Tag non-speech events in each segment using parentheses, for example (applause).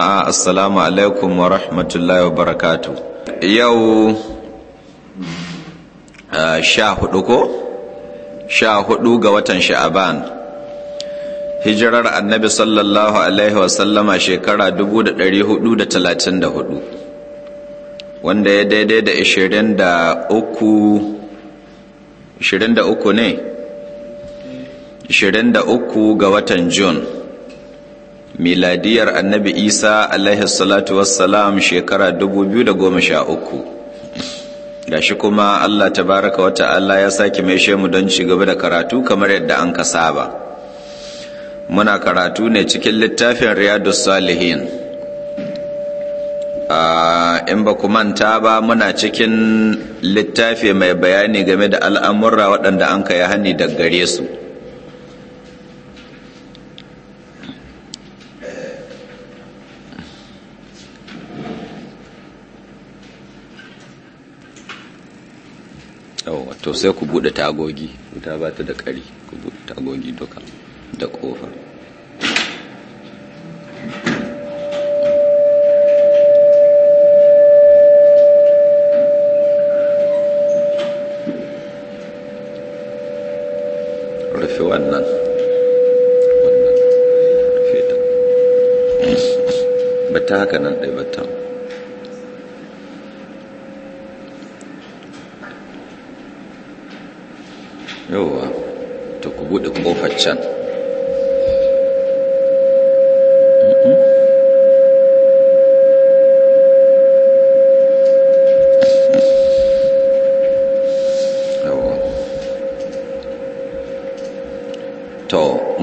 assalamu alaikum wa rahmatullahi wa barakatu yau uh, sha hudu ko sha hudu ga watan sha'aban hijirar annabi sallallahu alaihi wasallama shekara 434 wanda ya daidai da 23 23 ne 23 ga watan june miladiyar annabi isa alaihi salatu wassalam shekara 2013 gashi kuma allah ta baraka wata allah ya sake mai shemu don ci gaba da karatu kamar yadda an ka saba muna karatu ne cikin littafin riyadus salihin in ba ku manta ba muna cikin littafi mai bayani game da al'amurra waɗanda an ka yi hannu daggare su to sai ku bude tagogi wuta ba ta da ƙari ku bude tagogi duka da ƙofa rufe wannan wannan rufe ta ba ta haka nan can mm-hmm.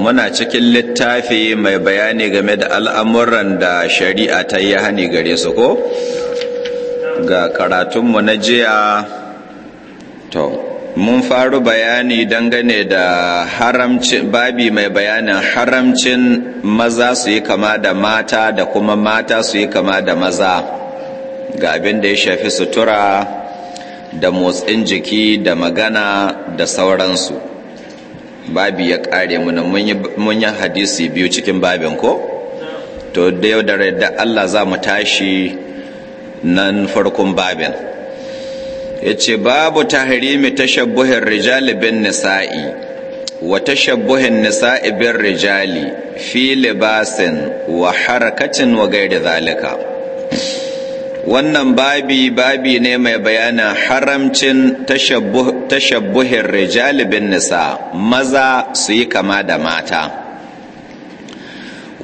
muna cikin littafi mai bayani game da al'amuran da shari'a ta yi hani gare su ko ga karatunmu na jiya to mun faru bayani dangane da haramcin babi mai bayanin haramcin maza su yi kama da mata da kuma mata su yi kama da maza ga abin da ya shafi sutura da motsin jiki da magana da sauransu babi ya kare muna mun yi hadisi biyu cikin babin ko to da yau da Allah za mu tashi nan farkon babin yace babu tahrimi tashabbuhin rijali bin nisa'i wa tashabbuhin nisa'i bin rijali fi libasin wa harakatin wa gairi zalika wannan babi babi ne mai bayanin haramcin tashabbuhin rijali bin nisa maza su yi kama da mata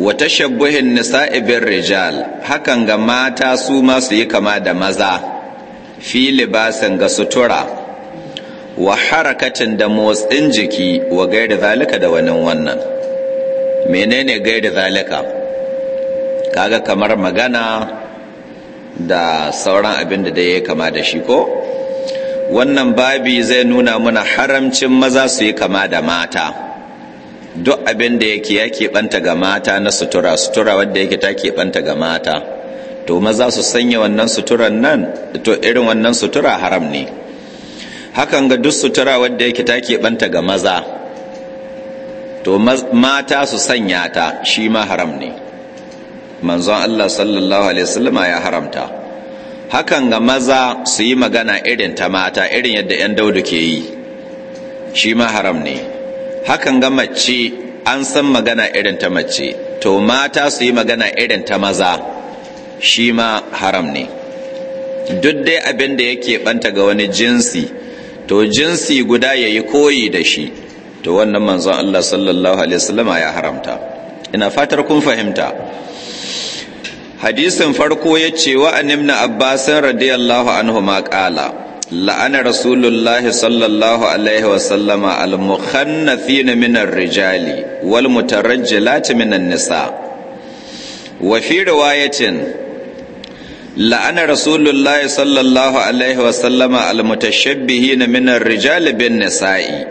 wa tashabbuhin nisa bin rijal hakan ga mata su ma su yi kama da maza fi libasin ga sutura wa harakacin da motsin jiki wa gaida zalika da wani wannan menene gaida zalika kaga kamar magana da sauran abin da ya kama da shi ko wannan babi zai nuna muna haramcin maza su yi kama da mata duk abin da yake ya keɓanta ga mata na sutura sutura wadda yake ta keɓanta ga mata to maza su sanya wannan suturan nan to irin wannan sutura haram ne hakan ga duk sutura wadda yake ta keɓanta ga maza to mata su sanya ta shi ma haram ne manzon Allah sallallahu alaihi wasallama ya haramta hakan ga maza su yi magana irin ta mata irin yadda 'yan daudu ke yi shi ma haram ne hakan ga mace an san magana irin ta mace to mata su yi magana irin ta maza shi ma haram ne duk dai abin da yake banta ga wani jinsi to jinsi guda ya yi koyi da shi to wannan manzon Allah sallallahu alaihi wasallama ya haramta ina fatar kun fahimta hadisin farko ya ce wa animna abbasin radiyallahu anhu ma kala la'ana rasulullahi sallallahu alaihi wasallama al-mukhannathina min ar-rijali wal mutarajjilati min an-nisa wa fi riwayatin la'ana rasulullahi sallallahu alaihi wasallama almutashabbihina min ar-rijal bin nisa'i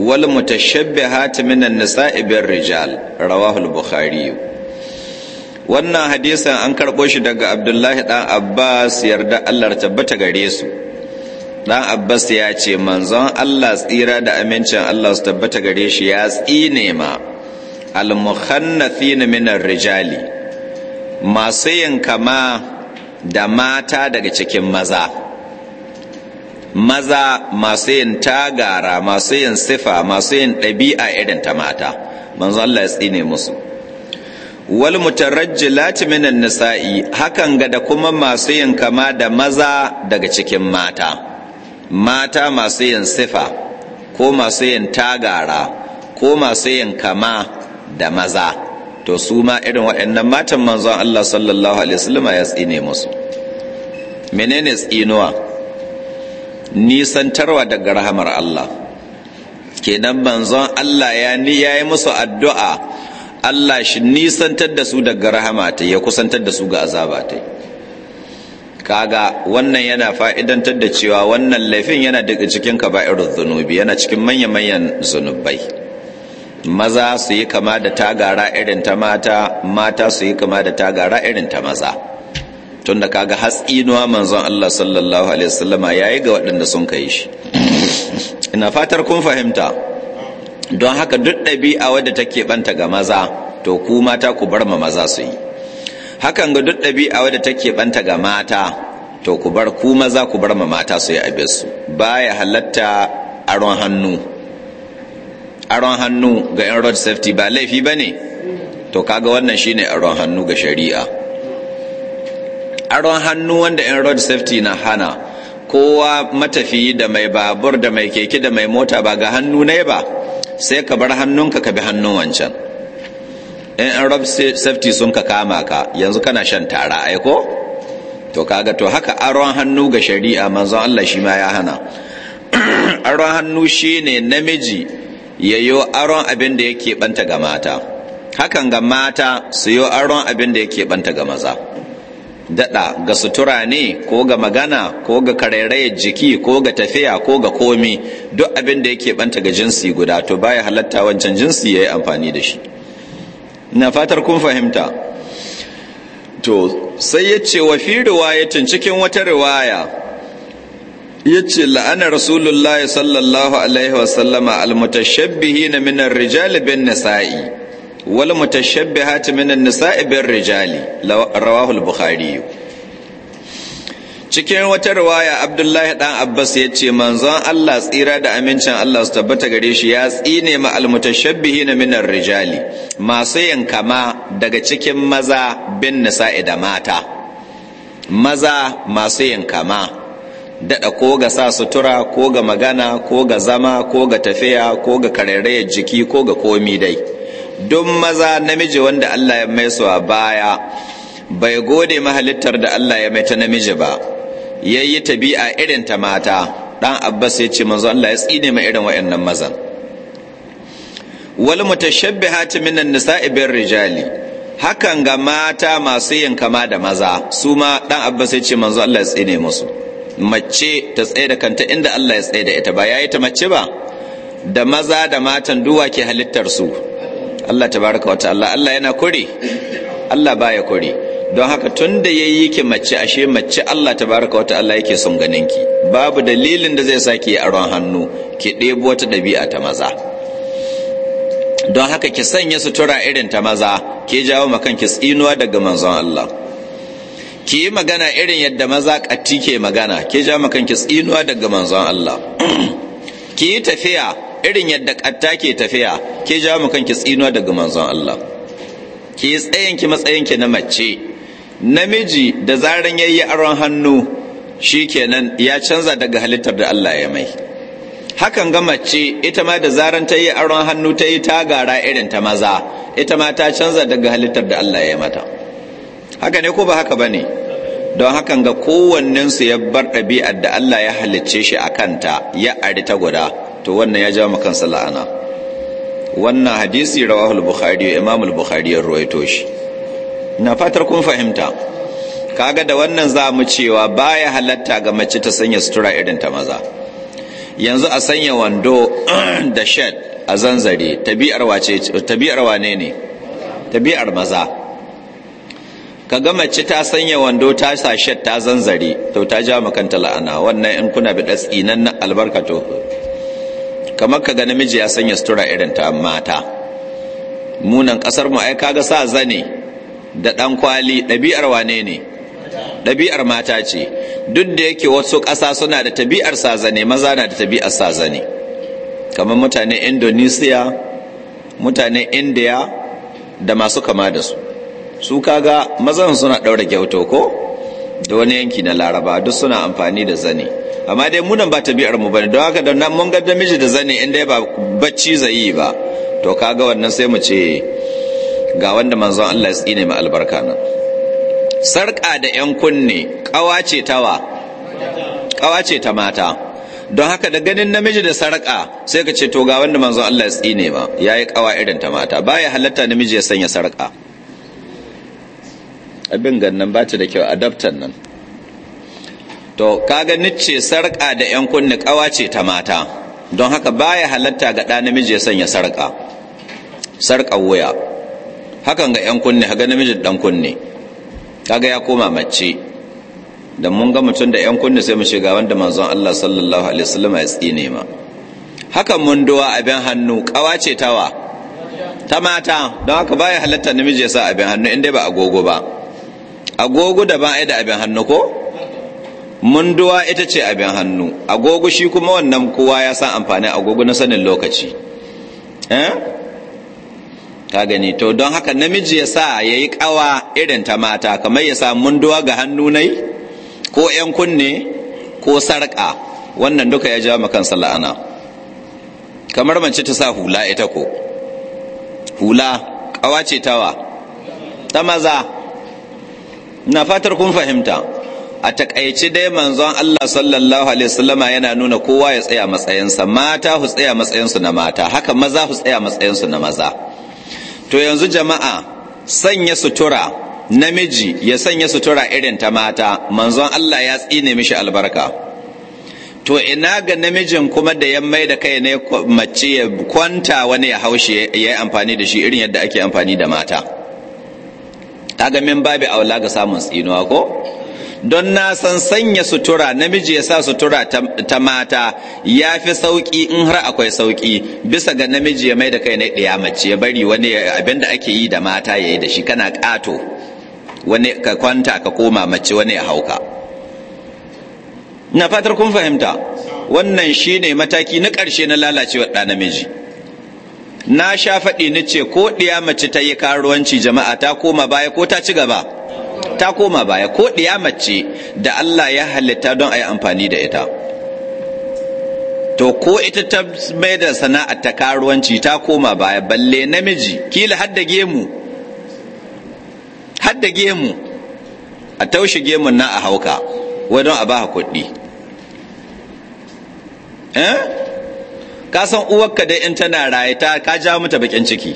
wal mutashabbihat min nisai bin rijal rawahul al-bukhari wannan hadisin an karɓo shi daga abdullahi ɗan abbas yarda allah tabbata gare su ɗan abbas ya ce manzon allah tsira da amincin allah su tabbata gare shi ya tsine ma almuhannathina minar rijali masu yin kama da mata daga cikin maza maza masu yin tagara masu yin sifa masu yin ɗabi'a irin ta mata manzo Allah ya tsine musu wal mutarajjilati minan nisa'i hakan ga da kuma masu yin kama da maza daga cikin mata mata masu yin sifa ko masu yin tagara ko masu yin kama da maza to su ma irin waɗannan matan manzon Allah sallallahu alaihi wasallam ya tsine musu menene tsinuwa nisantarwa daga rahamar Allah kenan manzon Allah ya ni yayi musu addu'a Allah shi nisantar da su daga rahama ta ya kusantar da su ga azaba ta kaga wannan yana fa'idantar da cewa wannan laifin yana daga cikin kaba'irul zunubi yana cikin manya-manyan zunubai maza su yi kama da tagara irin ta mata mata su yi kama da tagara irin ta maza tunda kaga hatsinuwa manzon Allah sallallahu alaihi wasallama yayi ga waɗanda sun kai shi (laughs) ina fatar kun fahimta don haka duk ɗabi'a wadda take banta ga maza to ku mata ku bar ma maza su yi hakan ga duk ɗabi'a wadda take banta ga mata to ku bar ku maza ku bar ma mata su yi abin su baya halatta aron hannu aron hannu ga 'yan road safety ba laifi ba ne to kaga wannan shine aron hannu ga shari'a aron hannu wanda 'yan road safety na hana kowa matafiyi da mai babur da mai keke da mai mota ba ga hannu ne ba sai ka bar hannunka ka bi hannun wancan 'yan road safety sun ka kama ka yanzu kana shan tara aiko to kaga to haka aron hannu ga shari'a manzon Allah shi ma ya hana (coughs) aron hannu shine namiji yayo aron abin da yake banta ga mata hakan ga mata su yi aron abin da yake banta ga maza daɗa ga sutura ne ko ga magana ko ga karairayar jiki ko ga tafiya ko ga komi duk abin da yake banta ga jinsi guda to baya halatta wancan jinsi ya yi amfani da shi na fatar kun fahimta to sai ya ce wa fi riwayatin cikin wata riwaya yace la'ana rasulullahi sallallahu alaihi wasallama almutashabbihina na minan rijali bin nisa'i wal mutashabbihati minan nisai bin rijali rawahu al-bukhari cikin wata riwaya abdullahi dan abbas ya ce manzon allah tsira da amincin allah su tabbata gare shi ya tsine ma almutashabbihi na minan rijali masu yankama daga cikin maza bin nisa'i da mata maza masu yankama daɗa ko ga sa sutura ko ga magana ko ga zama ko ga tafiya ko ga karairayar jiki ko ga komi dai Don maza namiji wanda Allah ya mai su a baya bai gode mahalittar da Allah ya mai ta namiji ba Ya yayi tabi'a irin ta mata dan Abbas ya ce manzo Allah ya tsine mai irin wayannan mazan wal hati minan nisa ibin rijali hakan ga mata masu yin kama da maza su ma dan abbas ya ce manzo Allah ya tsine musu mace ta tsaye da kanta inda Allah ya tsaye da ita ba yayi ta mace ba da maza da matan duwa ke halittar su Allah tabaraka wata Allah Allah yana kure? Allah baya kure. don haka tun da ya yi ki mace ashe mace Allah tabaraka wata Allah yake son ganin ki babu dalilin da zai saki aron hannu ki ɗebo wata ɗabi'a ta maza don haka ki sanya sutura irin ta maza ke jawo makan ki tsinuwa daga manzon Allah ki yi magana irin yadda maza ƙatti ke magana ke ja makan ki tsinuwa daga manzon Allah (clears throat) ki yi tafiya irin yadda ƙatta ke tafiya ke ja makan ki tsinuwa daga manzon Allah ki yi ki matsayin ki na mace namiji da zaran yayi aron hannu shi kenan, ya canza daga halittar da Allah ya mai hakan ga mace ita ma da zaran ta yi aron hannu ta yi tagara irin ta maza ita ma ta canza daga halittar da Allah ya mata haka ne ko ba haka ba ne don hakan ga kowannensu ya bar ɗabi'ar da Allah ya halicce shi a kanta ya ari ta guda to wannan ya jawo kansa la'ana wannan hadisi rawahul bukhari imam bukhari ya ruwaito shi na fatar kun fahimta kaga da wannan za mu cewa baya halatta ga mace ta sanya sutura irin ta maza yanzu a sanya wando (clears throat) da shed a zanzare tabi'ar wane ne tabi'ar maza Ka ga mace ta sanya wando ta sashet ta zanzare to ta ja kanta la'ana wannan in kuna bi tsinan na albarka to kamar ka ga namiji ya sanya sutura irin ta mata munan kasar mu ai kaga sa zane da dan kwali ɗabi'ar wane ne ɗabi'ar mata ce duk da yake wasu ƙasa suna da tabi'ar sa zane maza na da tabi'ar sa zane kamar mutanen indonesia mutanen india da masu kama da su su kaga mazan suna daura kyauto ko da wani yanki na laraba duk suna amfani da zane amma dai munan ba tabi'ar mu bane don haka da nan mun ga namiji da zane in dai ba bacci zai yi ba to kaga wannan sai mu ce ga wanda manzon Allah ya tsine mai albarka nan sarka da yan kunne kawace tawa kawace ta mata don haka da ganin namiji da sarka sai ka ce to ga wanda manzon Allah ya tsine ma yayi kawa irin ta mata baya halatta namiji ya sanya sarka. abin gannan ba ta da kyau adaptan nan to kaga nice sarka da yan kunni kawa ce ta mata don haka baya halatta ga ɗa namiji ya sanya sarka sarka wuya hakan ga yan kunni haga namiji dan kunni kaga ya koma mace da mun ga mutum da yan kunni sai mu shiga wanda manzon Allah sallallahu alaihi wasallam ya tsine ma hakan munduwa abin hannu kawa ce tawa ta mata don haka baya halatta namiji ya sa abin hannu in dai ba agogo ba agogo da ba a da abin hannu ko munduwa ita ce abin hannu agogo shi kuma wannan kowa ya san amfani agogo na sanin lokaci Ta eh? gani to don haka namiji ya sa ya yi kawa irin ta mata kamar ya sa munduwa ga hannu nai ko 'yan kunne ko sarƙa wannan duka ya jawo makansa la'ana kamar mace ta sa hula ita ko hula kawa ce tawa ta maza na fatar kun fahimta a takaice dai manzon Allah sallallahu alaihi wasallama yana nuna kowa ya tsaya matsayinsa mata su tsaya matsayinsu na mata haka maza su tsaya matsayinsu na maza to yanzu jama'a sanya sutura namiji ya sanya sutura irin ta mata manzon Allah ya tsine mishi albarka to ina ga namijin kuma da ya mai da kai ne mace ya kwanta wani ya haushi ya yi amfani da shi irin yadda ake amfani da mata kaga min babi aula ga samun tsinuwa ko don na san sanya sutura namiji ya sa sutura ta mata ya fi sauƙi in har akwai sauƙi bisa ga namiji ya mai da kai na ɗaya mace ya bari wani abin da ake yi da mata ya yi da shi kana ƙato wani ka kwanta ka koma mace wani ya hauka na fatar kun fahimta wannan shine mataki na ƙarshe na lalacewa ɗa namiji na sha faɗi ni ce ko ɗiya mace ta yi karuwanci jama'a ta koma baya ko ta ci gaba ta koma baya ko ɗiya mace da Allah ya halitta don a yi amfani da ita to ko ita ta mai da sana'a ta karuwanci ta koma baya balle namiji kila hadda gemu hadda gemu a taushe gemun na a hauka wadon a ba kuɗi eh ka san uwarka dai in tana raye ka ja mata bakin ciki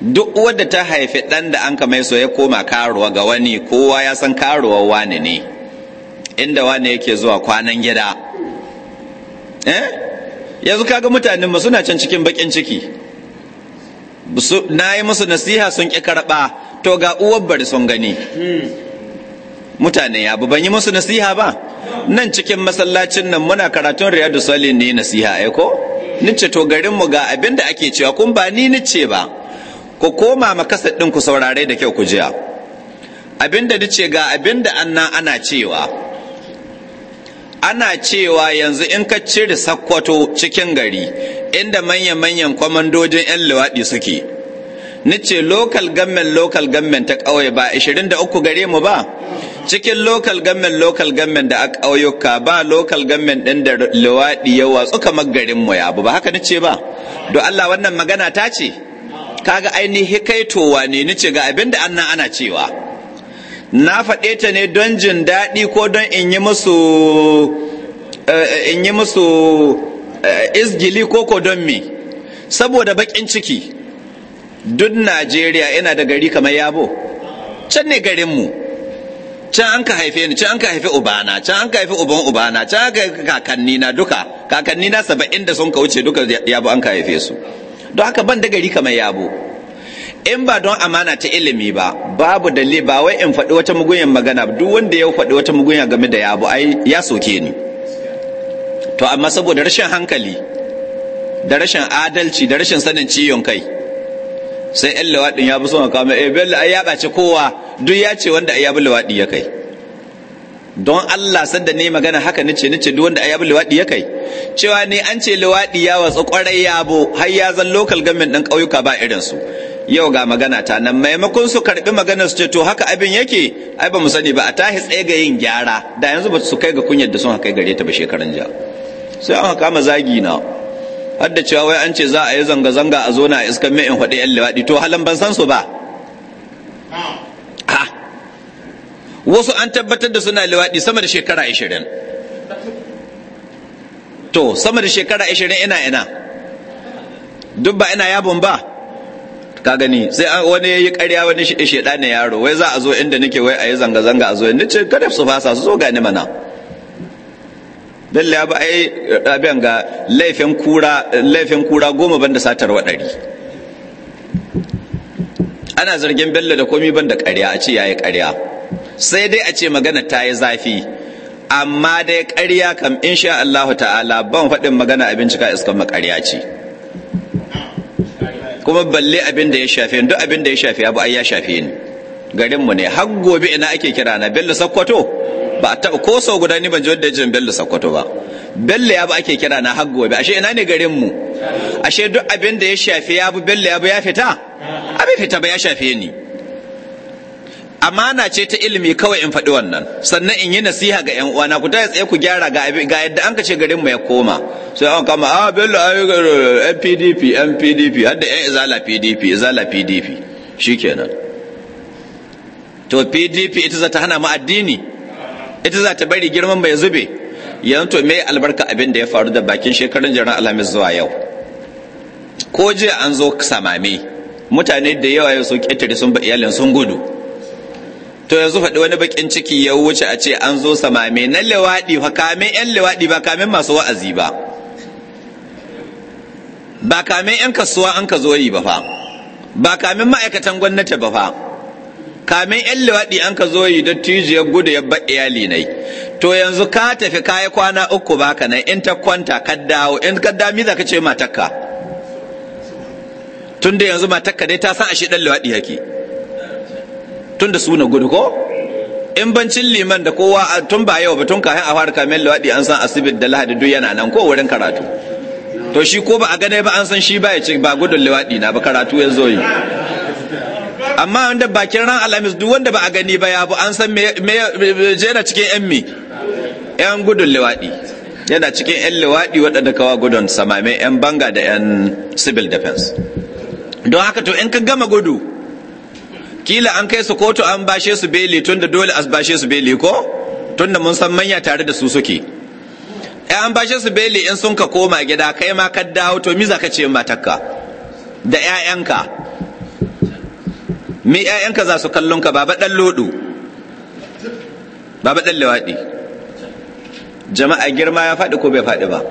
duk uwar da ta haifi dan da an kamai so ya koma karuwa ga wani kowa ya san karuwa wani ne inda wani yake zuwa kwanan gida eh yanzu kaga mutanen mu suna can cikin bakin ciki na yi musu nasiha sun ki karɓa to ga uwar bari sun gani hmm. mutane ya ban yi musu nasiha ba nan cikin masallacin nan muna karatun riyadu salin ne nasiha ai eh ko nice to garin mu ga abin da ake cewa kun ba ni nice ba ku koma makasar din ku saurare da kyau ku jiya abin da nice ga abin da nan ana cewa ana cewa yanzu in ka cire sakkwato cikin gari inda manya-manyan kwamandojin 'yan luwaɗi suke nice local government local government ta ƙauye ba 23 gare mu ba cikin lokal government lokal government da aka ƙauyuka ba lokal government ɗin da luwaɗi ya watsu kamar garin mu ya abu ba haka nace ba don Allah wannan magana ta ce kaga ainihi kaitowa ne nace ga abin da annan ana cewa na faɗe ta ne don jin daɗi ko don in yi musu eh, in yi musu eh, izgili ko ko don me saboda baƙin ciki duk Najeriya yana da gari kamar yabo can ne garinmu mu can an ka haife ni can an ka haife ubana can an ka haife uban ubana can an ka haife kakanni na duka kakanni na saba'in da sun ka wuce duka yabo an ka haife su don haka ban da gari kamar yabo in ba don amana ta ilimi ba babu dalili ba wai in faɗi wata mugunyar magana duk wanda ya faɗi wata mugunya game da yabo ai ya soke ni to amma saboda rashin hankali da rashin adalci da rashin sanin ciyon kai sai yan lawaɗin ya bi son kama eh bello ai ya ɓace kowa duk ya ce wanda ai ya lawaɗi ya kai don Allah sanda ne magana haka nace nace duk wanda ai ya bi lawaɗi ya kai cewa ne an ce lawaɗi ya watsa kwarai ya har ya zan local government ɗin ƙauyuka ba irin su yau ga magana ta nan maimakon su karɓi magana su ce to haka abin yake ai ba mu sani ba a tahi tsaye ga yin gyara da yanzu ba su kai ga kunyar da sun haka gare ta ba shekaran jiya. sai an kama zagi na hadda cewa wai an ce za a yi zanga-zanga a zona a iskan mai in faɗi 'yan liwaɗi to halan ban san su ba ha wasu an tabbatar da suna liwaɗi sama da shekara ashirin to sama da shekara ashirin ina ina duk ba ina yabon ba ka gani sai wani ya yi karya wani shaɗa ne yaro wai za a zo inda nake wai a yi zanga-zanga a zo inda ce kada su fasa su zo gani mana don ya ba yi abin ga laifin kura goma banda satar waɗari ana zargin bello da komi banda ƙarya a ce ya yi ƙarya sai dai a ce magana ta yi zafi amma dai ƙarya kam insha Allah ta'ala ban faɗin magana abin cika iskan makarya ce kuma balle abin da ya shafe duk abin da ya shafe abu ai ya shafe ni garinmu ne har gobe ina ake kira na bello sakkwato ba a taɓa ko sau guda ni ban ji wanda ya bello sakkwato ba bello ya ba ake kira na har gobe ashe ina ne garin mu ashe duk abin da ya shafi ya bi bello ya bi ya fita abin fita ba ya shafe ni amana ce ta ilimi kawai in faɗi wannan sannan in yi nasiha ga yan uwana ku taya tsaye ku gyara ga ga yadda an kace garin mu ya koma sai an kama ah bello ayi NPDP, eh, NPDP, hadda yan izala PDP izala PDP shikenan to PDP ita za ta hana mu addini ita za ta bari girman bai zube yanzu to me albarka abin da ya faru da bakin shekarun jiran alhamis zuwa yau ko je an zo samame mutane da yawa yau sun ƙetare sun ba iyalin sun gudu to yanzu faɗi wani bakin ciki ya wuce a ce an zo samame na lewaɗi fa kamin yan lewaɗi ba kamin masu wa'azi ba ba kamin yan kasuwa an ka zo yi ba fa ba kamin ma'aikatan gwamnati ba fa kamin yan liwaɗi an ka zo yi don tijiyar gudu ya ba iyali na yi to yanzu ka tafi kayi kwana uku baka nan in ta kwanta ka dawo in ka dami za ka ce matakka tun da yanzu matakka dai ta san ashe ɗan liwaɗi yake tun da suna gudu ko in bancin liman da kowa tun ba yau ba tun kayan a fara kamin liwaɗi an san asibit da lahadi duk yana nan ko wurin karatu to shi ko ba a gane ba an san shi ba ya ce ba gudun liwaɗi na ba karatu ya zo yi amma wanda bakin ran alhamis duk wanda ba a gani ba ya bu an san me yana cikin yan mi yan gudun liwaɗi yana cikin yan liwaɗi waɗanda kawa gudun samame yan banga da yan civil defense don haka to in ka gama gudu kila an kai su kotu an bashe su beli tun da dole as bashe su beli ko tun da mun san manya tare da su suke eh, an bashe su beli in sun ka koma gida kai ma ka dawo to mi za ka ce matakka da 'ya'yanka me ƴaƴanka za su kallon ka baba dan lodo baba dan lawadi jama'a girma ya faɗi ko bai faɗi ba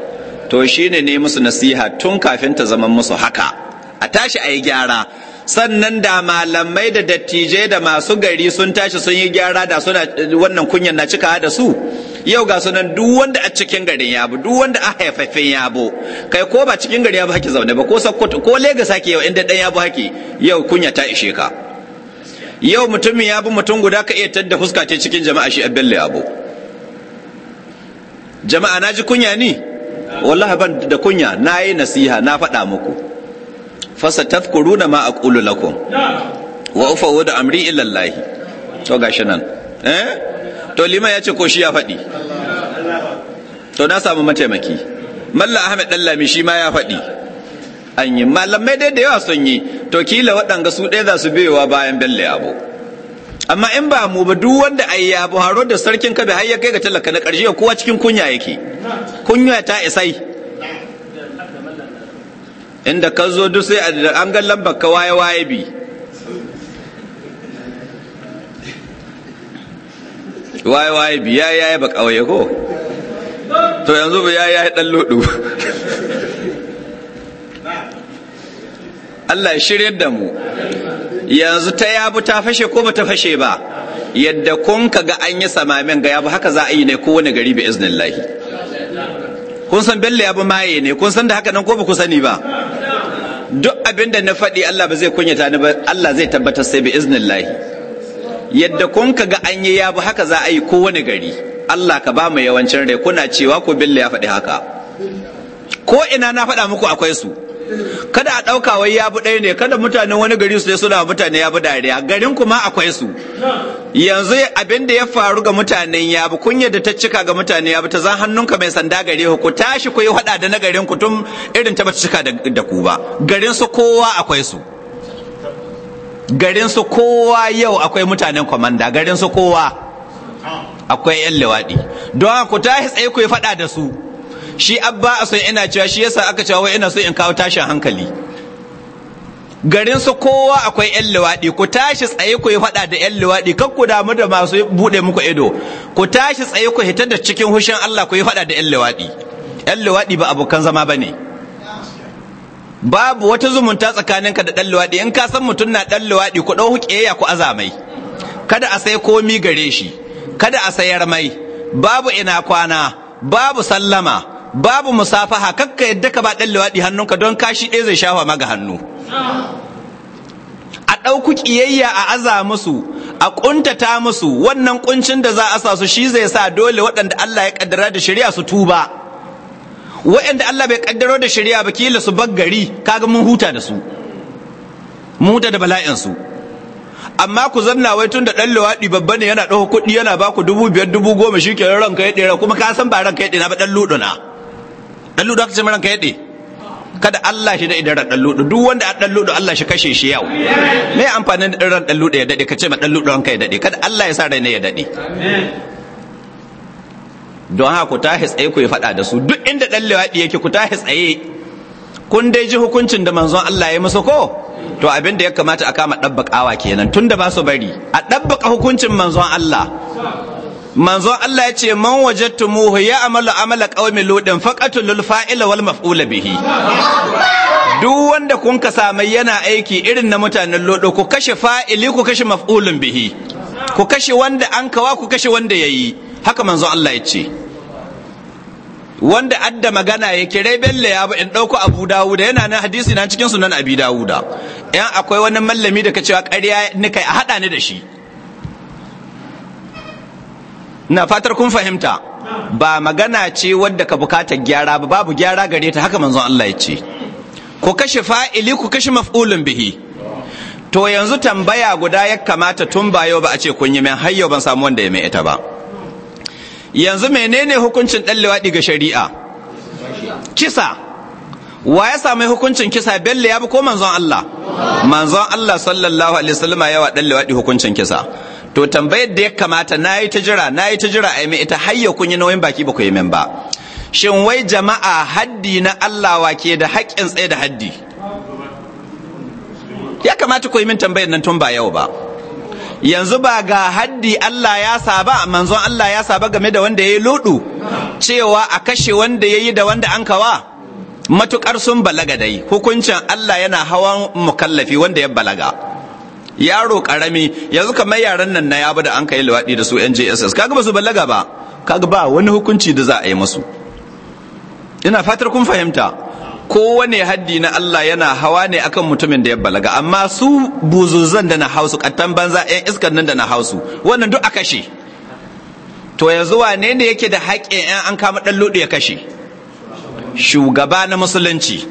to shine ne musu nasiha tun kafin ta zama musu haka a tashi a yi gyara sannan da malamai da dattijai da masu gari sun tashi sun yi gyara da suna wannan kunyan na cika da su yau ga sunan duk wanda a cikin garin ya bu? duk wanda a haifafin ya bu? kai ko ba cikin garin bu haki zaune ba ko sokoto ko legas haki yau inda dan bu haki yau kunya ta ishe ka yau mutumin ya bi mutum guda ka iya tadda fuska ce cikin jama'a shi abdalla yabo jama'a na ji kunya ni wallahi ban da kunya na yi nasiha na faɗa muku fasa na ma a aqulu lakon wa ufawu da amri illallahi to gashi nan eh to liman ya ce ko shi ya faɗi to na samu mataimaki malla ahmed dallami shi ma ya faɗi an yi malamai dai da yawa sun yi to kila waɗanga su ɗaya za su biyowa bayan belle abu. amma in ba mu ba duk wanda ai bu haro da sarkin bai har ya kai ga talaka na ƙarshe kowa cikin kunya yake kunya ta isai inda ka zo duk sai an ga lambar ka waye waye bi waye waye bi ya yi ba ƙauye ko to yanzu ba ya yi ɗan lodu (laughs) Allah ya shiryar da mu yanzu ta yabu ta fashe ko bata fashe ba yadda kun ka ga an yi samamin ga yabu haka za a yi ne wani gari bi iznillahi kun san bello yabu maye ne kun san da haka nan ko ba ku sani ba duk abin da na faɗi Allah ba zai kunyata ni ba Allah zai tabbatar sai bi iznillahi yadda kun ka ga an yi yabu haka za a yi wani gari Allah ka ba mu yawancin rai kuna cewa ko bello ya faɗi haka ko ina na faɗa muku akwai su kada a ɗauka wai ya bi ɗaya ne kada mutanen wani gari su suna mutane ya bi dariya garin kuma akwai su yanzu abin da ya faru ga mutanen ya bi kunya da ta cika ga mutane ya bi ta zan hannunka mai sanda gari ku tashi ku yi hada da na garin ku tun irin ta bata cika da ku ba garin su kowa akwai su garin su kowa yau akwai mutanen kwamanda garin su kowa akwai yan lewaɗi don ku tashi tsaye ku yi faɗa da su shi abba a son ina cewa shi yasa aka cewa wai ina so in kawo tashin hankali garin su kowa akwai yan luwaɗi ku tashi tsaye ku yi faɗa da yan luwaɗi kan ku damu da masu buɗe muku ido ku tashi tsaye ku hita da cikin hushin Allah ku yi faɗa da yan luwaɗi yan luwaɗi ba abokan zama ba ne babu wata zumunta tsakaninka da ɗan luwaɗi in ka san mutum na ɗan luwaɗi ku ɗau huƙeya ku azamai kada a sai komi gare shi kada a sayar mai babu ina kwana babu sallama babu musafaha kakka yadda ka ba ɗan lawadi hannunka don kashi ɗaya zai shafa maga hannu a ɗauku ƙiyayya a aza musu a ƙuntata musu wannan ƙuncin da za a sa su shi zai sa dole waɗanda Allah ya ƙaddara da shari'a su tuba waɗanda Allah bai ƙaddaro da shari'a ba kila su baggari kaga mun huta da su mun huta da bala'in amma ku zanna wai tun da ɗan luwaɗi babba ne yana ɗauko kuɗi yana ba ku dubu biyar dubu goma shi ke ranka ya ɗera kuma ka san ba ranka ya ɗera ba ɗan luɗuna. dallu da kace maran ka yaɗe? kada Allah shi da idan ran dallu duk wanda a dallu Allah shi kashe shi yau me amfanin ran dallu ya dade ce ma dallu ranka ya dade kada Allah ya sa rai ne ya dade don haka ku tahi tsaye ku yi faɗa da su duk inda ɗan lewaɗi yake ku tahi tsaye kun dai ji hukuncin da manzon Allah ya musu ko to abin da ya kamata a kama ɗabbaƙawa kenan tunda ba su bari a ɗabbaƙa hukuncin manzon Allah manzo Allah ya ce man muhu ya amalu amala qaumi ludin faqatu lil fa'ila wal maf'ula bihi duk wanda kun ka samai yana aiki irin na mutanen lodo ku kashe fa'ili ku kashe maf'ulun bihi ku kashe wanda an kawa ku kashe wanda yayi haka manzon Allah ya ce wanda adda magana ya kire belle ya in dauko Abu Dawuda yana nan hadisi na cikin sunan Abi Dawuda yan akwai wani mallami da ka cewa ƙarya kai a hada ni da shi na fatar kun fahimta ba magana ce wadda ka bukatar gyara ba babu gyara gare ta haka manzon Allah ya ce ku kashe fa'ili ku kashe maf'ulun bihi to yanzu tambaya guda ya kamata tun ba yau ba a ce kun yi min har yau ban samu wanda ya mai ita ba yanzu menene hukuncin dan ga shari'a kisa wa ya samu hukuncin kisa bello ya bi ko manzon Allah manzon Allah sallallahu alaihi wasallam ya wa dan liwaɗi hukuncin kisa to tambayar da ya kamata na yi ta jira na yi ta jira a yi ita hayya kun yi nauyin baki ba ku yi min ba shin wai jama'a haddi na Allah wa ke da haƙƙin tsaye da haddi ya kamata ku yi min tambayar nan tun ba yau ba yanzu ba ga haddi Allah ya saba manzon Allah ya saba game da wanda ya yi ludu cewa a kashe wanda ya yi da wanda an kawa matukar sun balaga dai hukuncin Allah yana hawan mukallafi wanda ya balaga yaro karami yanzu kamar yaran nan na yaba da an kai luwaɗi da su yan jss kaga ba su balaga ba kaga ba wani hukunci da za a yi musu ina fatar kun fahimta kowane haddi na Allah yana hawa ne akan mutumin da ya balaga amma su buzuzan da na hausu kattan banza yan iskan nan da na hausu wannan duk a kashe to yanzu wane ne yake da haƙƙin yan an kama ɗan lodi ya kashe shugaba na musulunci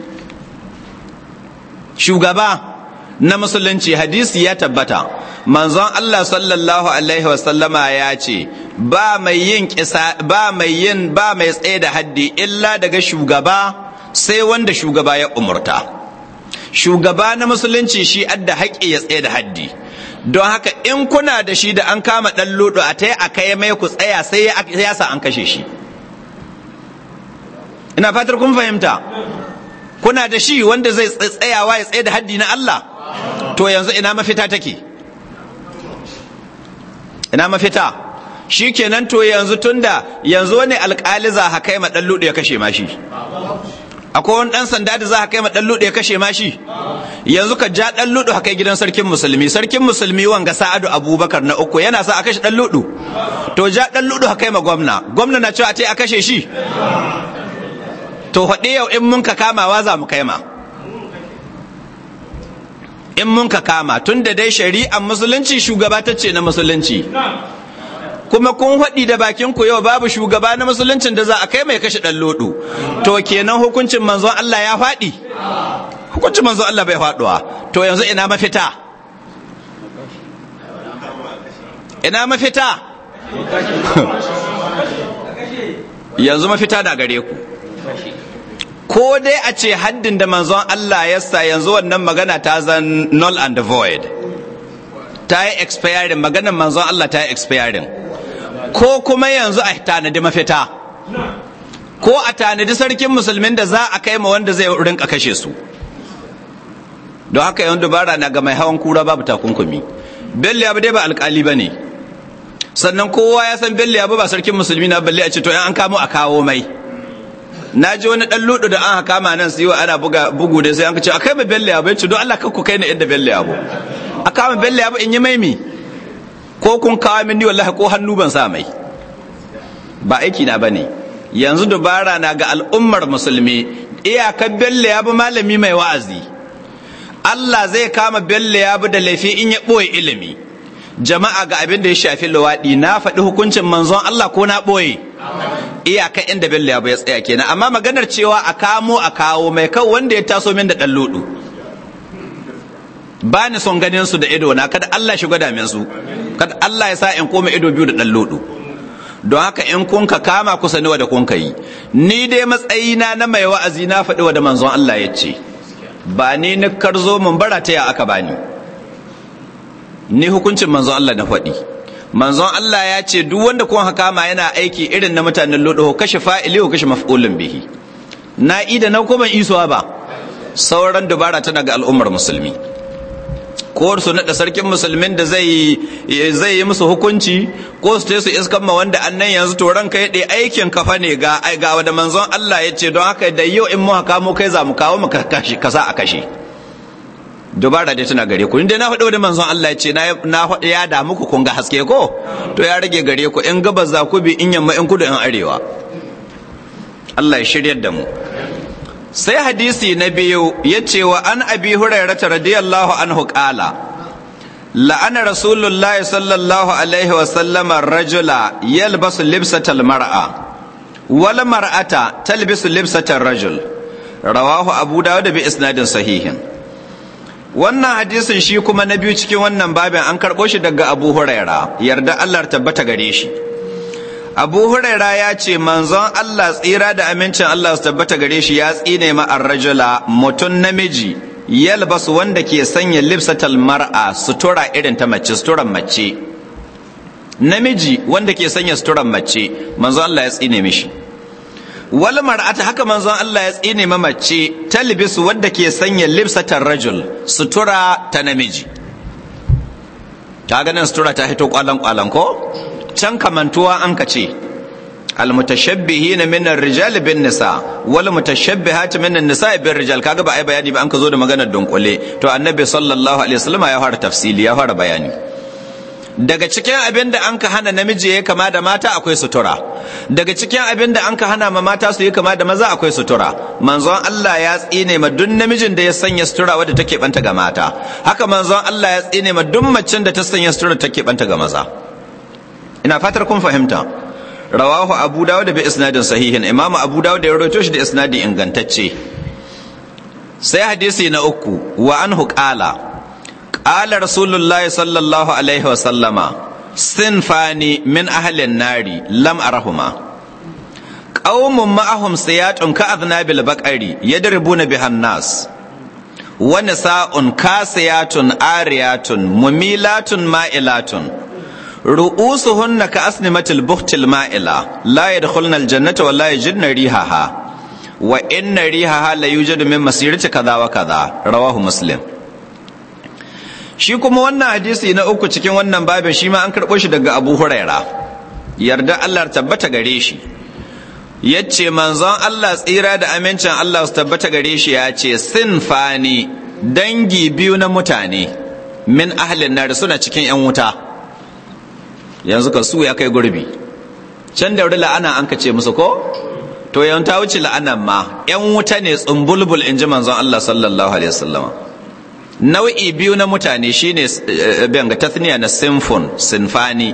shugaba na musulunci hadisi ya tabbata manzon Allah sallallahu alaihi wasallama ya ce ba mai yin kisa, ba mai yin ba mai tsaye da haddi illa daga shugaba sai wanda shugaba ya umurta shugaba na musulunci shi adda haƙƙi ya tsaye da haddi don haka in kuna da shi da an kama dan ludo a ta yi a kai mai ku tsaya sai ya sa an kashe shi ina fatar kun fahimta kuna da shi wanda zai tsayawa ya tsaye da haddi na Allah to yanzu ina mafita take ina mafita shi kenan to yanzu tunda yanzu wani alkali za ka kai dan lude ya kashe mashi akwai wani ɗan sanda da za ka kai dan lude ya kashe mashi yanzu ka ja dan lude ha kai gidan sarkin musulmi sarkin musulmi wanga sa'adu abubakar na uku yana sa a kashe dan lude to ja dan lude ha kai ma gwamna gwamna na cewa a a kashe shi to haɗe yau in mun ka kamawa za mu kai ma in mun ka kama tun da dai shari'ar musulunci shugaba ta ce na musulunci kuma kun haɗi da bakin ku yau babu shugaba na musuluncin da za a kai mai kashe ɗan lodu to kenan hukuncin manzon Allah ya faɗi hukuncin manzon Allah bai faɗuwa to yanzu ina mafita ina mafita (laughs) yanzu mafita da gare ku ko dai a ce haddin da manzon Allah ya sa yanzu wannan magana ta zan null and void ta yi expiring maganar manzon Allah ta yi expiring ko kuma yanzu a tanadi mafita ko a tanadi sarkin musulmin da za a kai ma wanda zai rinka kashe su don haka yawon dubara na ga mai hawan kura babu takunkumi bello abu dai ba alkali ba ne sannan kowa ya san bello abu ba sarkin musulmi na balle a ce to an kamo a kawo mai na ji wani dan ludu da an haka nan su yi wa ana buga bugu da sai an kace a kai mu belle abu yace don Allah ku kai ni inda belle abu a kama belle abu in yi maimi ko kun kawo min ni wallahi ko hannu ban sa mai ba aiki na bane yanzu dubara na ga al'ummar musulmi iyakar belle abu malami mai wa'azi Allah zai kama belle abu da laifi in ya boye ilimi jama'a ga abin da ya shafi luwaɗi na faɗi hukuncin manzon Allah ko na boye iyaka inda bello ya tsaya kenan amma maganar cewa a kamo a kawo mai kawo wanda ya taso min da dan ludu ba ni son ganin su da ido na kada Allah shi gwada min su kada Allah ya sa in koma ido biyu da dan ludu don haka in kun ka kama kusa ni wada kun yi ni dai matsayi na mai wa'azi na faɗi wada manzon Allah ya ce ba ni ni karzo mun bara ta ya aka bani ni hukuncin manzon Allah na faɗi manzon Allah ya ce duk wanda kun hakama yana aiki irin na mutanen lodo ko kashe fa'ili ko kashe maf'ulun bihi na ida na ko ban isuwa ba sauran dubara tana ga al'ummar musulmi ko su nada sarkin musulmin da zai zai yi musu hukunci ko su su iskan ma wanda annan yanzu to ranka ya aikin kafa ne ga ga wanda manzon Allah ya ce don haka da yau in mu hakamo kai za mu kawo mu kashe kasa a kashe dubara dai tana gare ku inda na faɗi da manzon Allah ya ce na faɗi ya damu ku kun ga haske ko to ya rage gare ku in gaba za ku bi in yamma in kudu in arewa Allah ya shiryar da mu sai hadisi na biyu ya ce wa an abi hurairah radiyallahu anhu qala la'ana rasulullah sallallahu alaihi wa sallama rajula yalbasu libsatal mar'a wal mar'ata talbisu libsatal rajul rawahu abu dawud bi isnadin sahihin wannan hadisin shi kuma na biyu cikin wannan babin an karɓo shi daga abu huraira yarda allah tabbata gare shi abu huraira ya ce manzon allah tsira da amincin allah su tabbata gare shi ya tsine ma rajula mutum namiji yalbas wanda ke sanya libsatal mar'a sutura irin ta mace suturan mace namiji wanda ke sanya suturan mace manzon allah ya tsine mishi wal mar'ata haka manzon Allah ya tsine ma mace talbisu wadda ke sanya libsatar rajul sutura ta namiji ta ganin sutura ta hito kwalan kwalan ko can kamantuwa an ka ce almutashabbihin min ar-rijal bin nisa wal mutashabbihat min an-nisa bin rijal kaga ba ai bayani ba an ka zo da maganar dunkule to annabi sallallahu alaihi wasallam ya fara tafsili ya fara bayani daga cikin abin da an ka hana namiji ya kama da mata akwai sutura daga cikin abin da an ka hana ma mata su yi kama da maza akwai sutura manzon Allah ya tsine ma duk namijin da ya sanya sutura wadda take banta ga mata haka manzon Allah ya tsine ma duk macen da ta sanya sutura take banta ga maza ina fatar kun fahimta rawahu abu dawud bi isnadin sahihin imamu abu dawud ya rawaito shi da isnadi ingantacce sai hadisi na uku wa anhu qala ala rasulullahi sallallahu alaihi wa sallama sinfani min ahlin nari lam arahuma qaumun ma'ahum siyatun ka aznabil baqari yadribuna bihan nas wa nisa'un kasiyatun ariyatun mumilatun ma'ilatun ru'usuhunna ka asnimatil buhtil ma'ila la yadkhulna aljannata wa la yajidna rihaha wa inna rihaha la yujadu min masirati kaza wa kaza rawahu muslim shi kuma wannan hadisi na uku cikin wannan babin shi ma an karɓo shi daga abu huraira yarda allah tabbata gare shi ya ce manzon allah tsira da amincin allah su tabbata gare shi ya ce sinfani dangi biyu na mutane min ahalin nari suna cikin yan wuta yanzu ka su ya kai gurbi can da la'ana an ka ce musu ko to yan ta wuce la'anan ma yan wuta ne tsumbulbul in ji manzon allah sallallahu alaihi wasallama nau'i biyu na mutane shine eh, benga tathniya na sinfon sinfani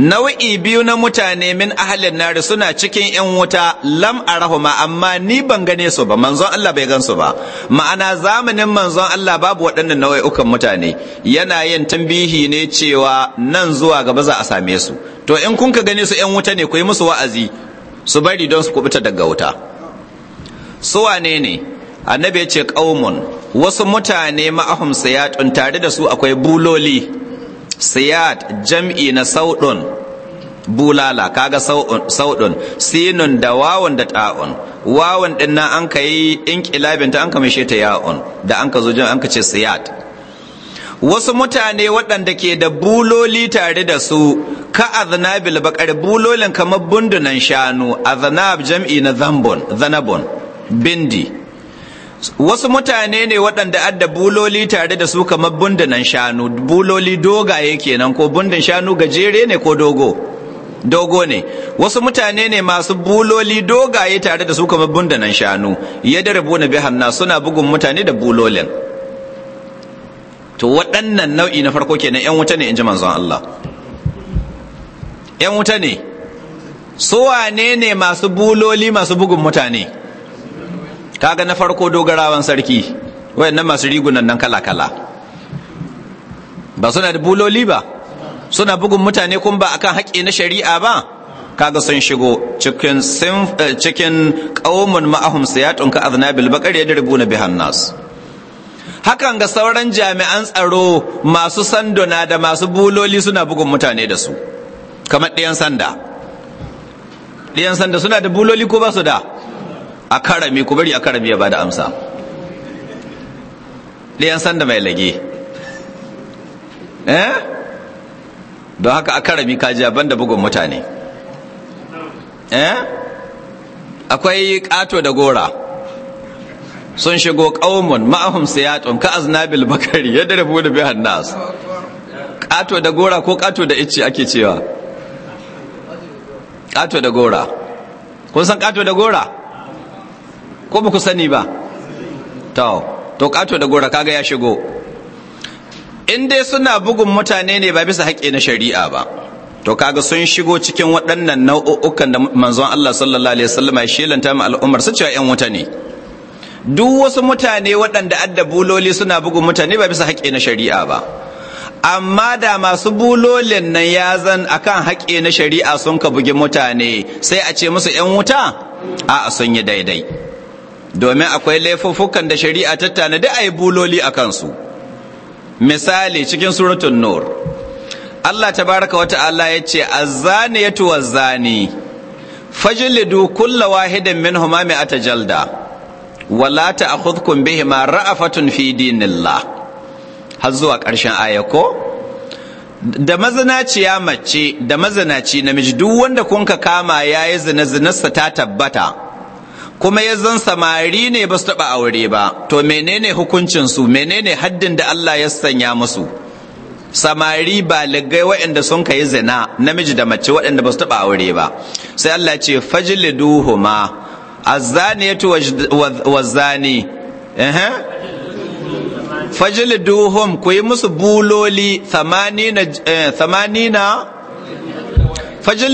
nau'i biyu na mutane min ahalin nari suna cikin yan wuta lam arahuma amma ni ban gane su ba manzon Allah bai gan su ba ma'ana zamanin manzon Allah babu waɗannan nau'i'ukan mutane yana yin tambihi ne cewa nan zuwa gaba za a same su to in kun ka gane su yan wuta ne ku yi musu wa'azi su bari don su kubuta daga wuta su wane ne annabi ya ce kaumun, wasu mutane ma'ahum siyatun tare da su akwai buloli siyat jam'i na sauɗun. bulala kaga sauɗun? sinun da wawan da ta'un Wawan ɗin nan an ka yi inqilabin ta an ka mishe ta ya'un da an ka zo an ka ce siyat wasu mutane waɗanda ke da buloli tare da su ka aznabil bakar bulolin kamar bundunan shanu aznab jam'i na zambon zanabon bindi wasu mutane ne waɗanda adda buloli tare da su kamar bundunan shanu buloli dogaye kenan ko bundun shanu gajere ne ko dogo dogo ne wasu mutane ne masu buloli dogaye tare da su kamar bundunan shanu ya da rabu na hanna suna bugun mutane da bulolin to waɗannan nau'i na farko kenan 'yan wuta ne in ji manzon Allah 'yan wuta ne su wane ne masu buloli masu bugun mutane kaga na farko dogarawan sarki wayannan masu rigunan nan kala-kala ba suna da buloli ba suna bugun mutane kun ba akan haƙƙi na shari'a ba kaga sun shigo cikin eh, cikin qaumun ma'ahum sayatun ka aznabil dirbu na bihan nas hakan ga sauran jami'an tsaro masu sanduna da masu buloli suna bugun mutane da su kamar ɗiyan sanda ɗiyan sanda suna da buloli ko ba su da a karami ku bari a karami ya bada amsa liyan sanda mai lage eh don haka a karami kaji ban da bugun mutane eh akwai ƙato da gora sun shigo ƙaumun ma'ahum siyatun ka aznabil bakari yadda da buɗe bi hannas ƙato da gora ko ƙato da icce ake cewa ƙato da gora kun san ƙato da gora ko ba ku sani ba to to kato da gora kaga ya shigo in dai suna bugun mutane ne ba bisa haƙƙi na shari'a ba to kaga sun shigo cikin waɗannan nau'ukan da manzon Allah sallallahu alaihi wasallam ya shelanta mu al'ummar su cewa 'yan wuta ne duk wasu mutane waɗanda adda buloli suna bugun mutane ba bisa haƙƙi na shari'a ba amma da masu bulolin nan ya zan akan haƙƙi na shari'a sun ka bugi mutane sai a ce musu 'yan wuta a'a sun yi daidai domin akwai laifuffukan da shari'a ta tanadi a yi buloli a kansu misali cikin suratun nur Allah ta baraka wata Allah ya ce a zane ya tuwa zani fajlidu kulla wahidin min huma mai ata jalda wala ta hudkun bihi ma ra'afatun fi dinillah har zuwa ƙarshen ayako. Da da ya mace da mazinaci namiji duk wanda kun ka kama yayi zina zinarsa ta tabbata kuma ya zan samari ne ba su taɓa aure ba to menene hukuncinsu menene haddin da Allah ya sanya musu samari ba ligai waɗanda sun kai zina namiji da mace waɗanda ba su taɓa aure ba sai Allah ce fajliduhuma azzaniyatu wazani eh fajliduhum ku yi musu buloli 80 80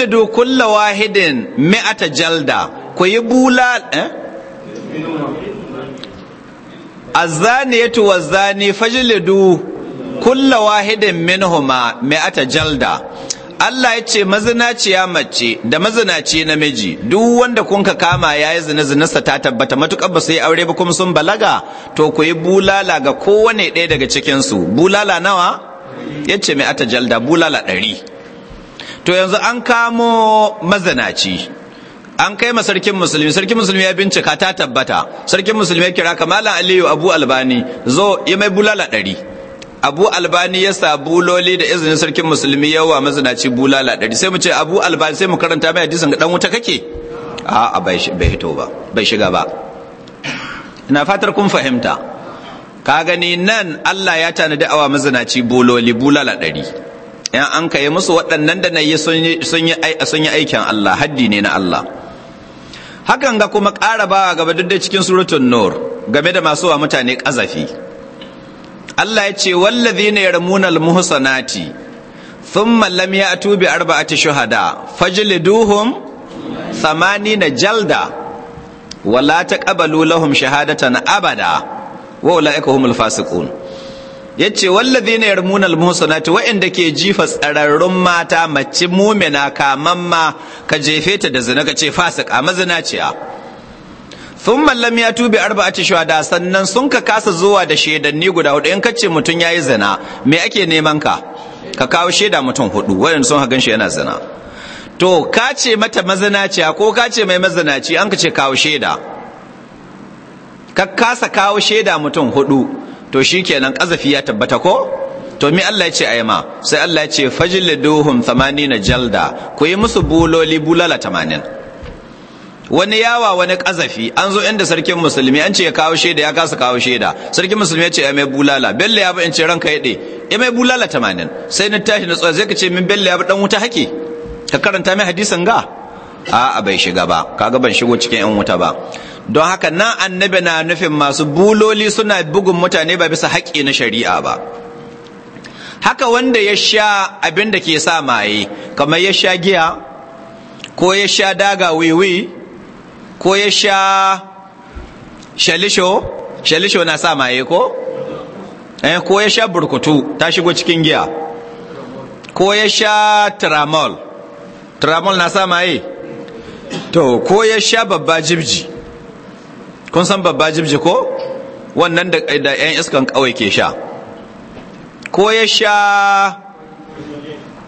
duhu, kullu wahidin mi'ata jalda ku yi bulala eh? tuwa wazani fajlidu kulla wahidin minhuma mi'ata jalda Allah ya ce mazinaciya mace da mazinaci namiji duk wanda kun ka kama ya yi zina-zinarsa ta tabbata matukar ba su yi aure ba kuma sun balaga to ku yi bulala ga kowane ɗaya daga cikinsu bulala nawa ya ce mai ata jalda bulala ɗari to yanzu an kamo mazinaci an kai ma sarkin musulmi sarkin musulmi ya bincika ta tabbata sarkin musulmi ya kira ka malam aliyu abu albani zo ya mai bulala ɗari abu albani ya sa buloli da izinin sarkin musulmi yawa mazinaci bulala ɗari sai mu ce abu albani sai mu karanta mai hadisin ga dan wuta kake a bai hito ba bai shiga ba ina fatar kun fahimta ka gani nan allah ya tanadi awa mazinaci buloli bulala ɗari Yan an kai musu waɗannan da na yi sun yi aikin Allah haddi ne na Allah hakan ga kuma ƙara ba gaba duk da cikin suratun nur game da masu wa mutane ƙazafi Allah ya ce wallazina yarmuna almuhsanati thumma lam ya'tu bi arba'ati shuhada fajliduhum na jalda wala taqabalu lahum shahadatan abada wa ulaika humul fasiqun Ya ce yace wallazina na ta wa'inda ke jifa tsararrun mata mace mumina ma ka jefe ta da zina ka ce fasika mazinaciya thumma lam yatu bi arba'ati shuhada sannan sun ka kasa zuwa da shaidanni guda hudu in kace ya yayi zina me ake neman ka ka kawo shaida mutum hudu wa'anda sun hagan shi yana zina to ka ce mata mazinaciya ko ka ce mai mazinaci an ka ce kawo shaida ka kasa kawo shaida mutum hudu to shi shikenan kazafi ya tabbata ko to me Allah ya ce a ma sai Allah ya ce fajliduhum thamanina jalda ku yi musu buloli bulala 80 wani yawa wani kazafi an zo inda sarkin musulmi an ce ya kawo shaida ya kasa kawo shaida sarkin musulmi ya ce mai bulala bello ya bi in ce ranka ya ɗe bulala 80 sai na tashi na tsoya zai ka ce min bello ya bi dan wuta hake ka karanta mai hadisin ga a bai shiga ba kaga ban shigo cikin yan wuta ba don haka nan annabi na nufin masu buloli suna bugun mutane ba bisa haƙƙi na shari'a ba haka wanda ya sha abin da ke sa maye kamar ya sha giya ko ya sha daga wiwi ko ya sha shalisho shalisho na sa maye ko eh ko ya sha burkutu ta shigo cikin giya ko ya sha tramol tramol na sa maye to ko ya sha babba jibji kun san babba jibji ko wannan da 'yan iskan kawai ke sha ko ya sha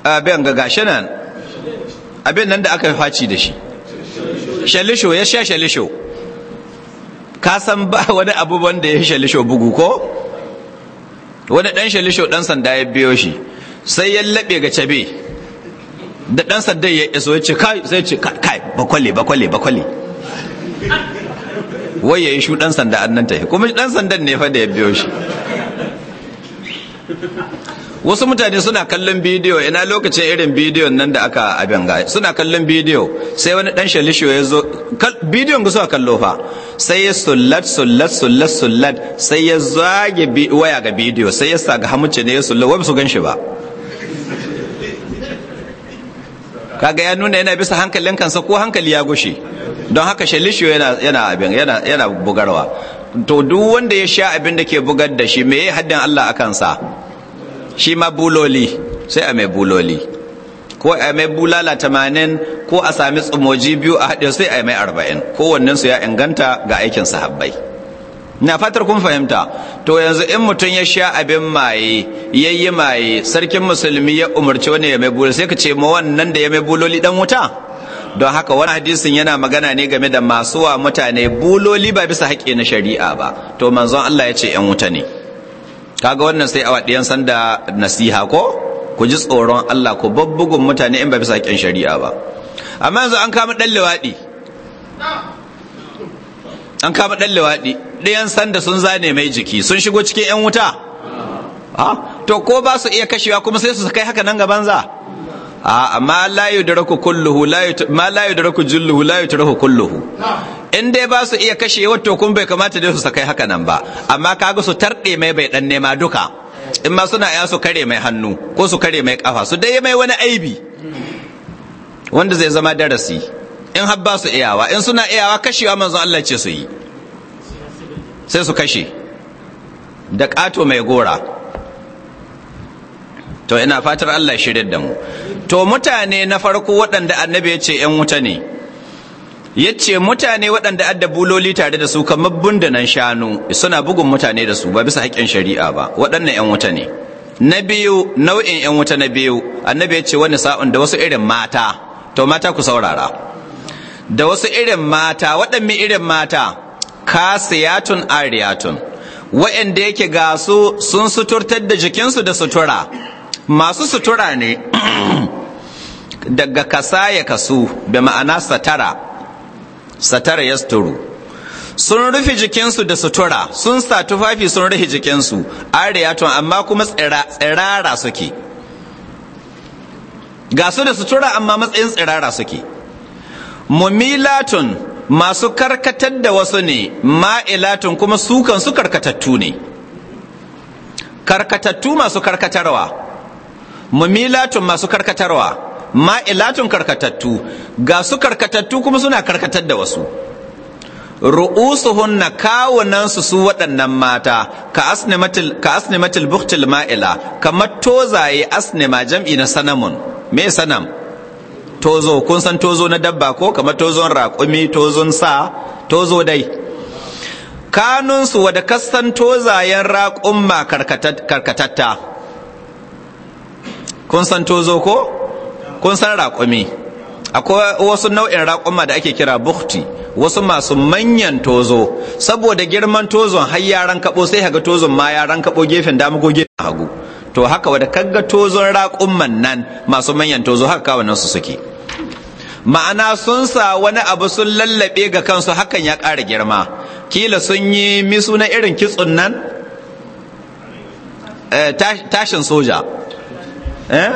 abin eh, ga gashi nan abin nan da aka faci da shi shalisho ya sha shalisho ka san ba wani abubuwan da ya shalisho bugu ko wani ɗan shalisho dan sanda ya biyo shi sai ya laɓe ga cabe da dan sanda ya iso ya ce kai ce kai bakwale bakwale bakwale wai ya yi shu ɗan sanda an nan tafi kuma ɗan sandan ne fa da ya biyo shi wasu mutane suna kallon bidiyo ina lokacin irin bidiyon nan da aka abin ga suna kallon bidiyo sai wani dan shalisho ya zo bidiyon ga suka kallo fa sai ya sullat sullat sullat sullat sai ya zage waya ga bidiyo sai ya sa ga hamuce ne ya sullat wai su gan shi ba kaga ya nuna yana bisa hankalin kansa ko hankali ya gushe don haka shalishiyo yana abin yana bugarwa to duk wanda ya sha abin da ke bugar da shi me haddin Allah a kansa shi ma buloli sai a mai buloli ko a mai bulala tamanin ko a sami tsumoji biyu a haɗe sai a mai arba'in kowannensu ya inganta ga aikin sahabbai na fatar kun fahimta to yanzu in mutum ya sha abin maye yayi maye sarkin musulmi ya umarci wani ya mai buloli sai ka ce ma wannan da ya mai buloli dan wuta don haka wani hadisin yana magana ne game da masu wa mutane buloli ba bisa haƙƙi na shari'a ba to manzon Allah ya ce yan wuta ne kaga wannan sai awa ɗiyan sanda nasiha ko ku ji tsoron Allah ku babbugun mutane in ba bisa haƙƙin shari'a ba amma yanzu an kama ɗan liwaɗi an kama ɗan lewaɗi ɗayan sanda sun zane mai jiki sun shigo cikin 'yan wuta ha to ko ba su iya kashewa kuma sai su kai haka nan gaban za a ma la yudraku kulluhu ma la yudraku julluhu la yutrahu kulluhu in dai ba su iya kashewa to kun bai kamata dai su sakai haka nan ba amma kaga su tarɗe mai bai dan nema duka in ma suna ya su kare mai hannu ko su kare mai kafa su dai mai wani aibi wanda zai zama darasi in har ba su iyawa in suna iyawa kashewa manzon Allah ce su yi sai su kashe da ƙato mai gora to ina fatar Allah shirin da mu to mutane na farko waɗanda annabi ya ce ‘yan wuta ne ya ce mutane waɗanda adda buloli tare da su kamar bundunan shanu suna bugun mutane da su ba bisa haƙƙin shari'a ba waɗannan ‘yan wuta ne na biyu nau'in ‘yan wuta na biyu annabi ya ce wani sa'un da wasu irin mata to mata ku saurara da wasu irin mata waɗanne irin mata kasiyatun ariyatun waɗanda yake ga su sun suturtar da jikinsu da sutura masu sutura ne (clears throat) daga kasa ya kasu da ma'ana satara satara ya suturu sun rufe jikinsu da sutura sun sa tufafi sun rufe jikinsu ariyatun amma kuma tsirara suke ga su da sutura amma matsayin tsirara suke mumilatun masu karkatar da wasu ne ma'ilatun kuma sukan su karkatattu ne karkatattu masu karkatarwa mumilatun masu karkatarwa ma'ilatun karkatattu ga su karkatattu kuma suna karkatar da wasu ru'usuhunna kawunansu su waɗannan mata ka asnimatil buktil ma'ila kamar tozaye asnima jam'i na sanamun me sanam tozo kun san tozo na dabba ko kamar tozon raƙumi tozon sa tozo dai kanunsu wadda kasan tozayen raƙumma karkatatta kun san tozo ko kun san raƙumi akwai wasu nau'in raƙumma da ake kira bukti wasu masu manyan tozo saboda girman tozon har yaran kaɓo sai haga tozon ma yaran kaɓo gefen dama ko gefen hagu to haka wadda kaga tozon raƙumman nan masu manyan tozo haka wannan su suke ma'ana sun sa wani abu sun lallabe ga kansu hakan ya ƙara girma kila sun yi misu na irin kitsun nan eh, tashin soja eh?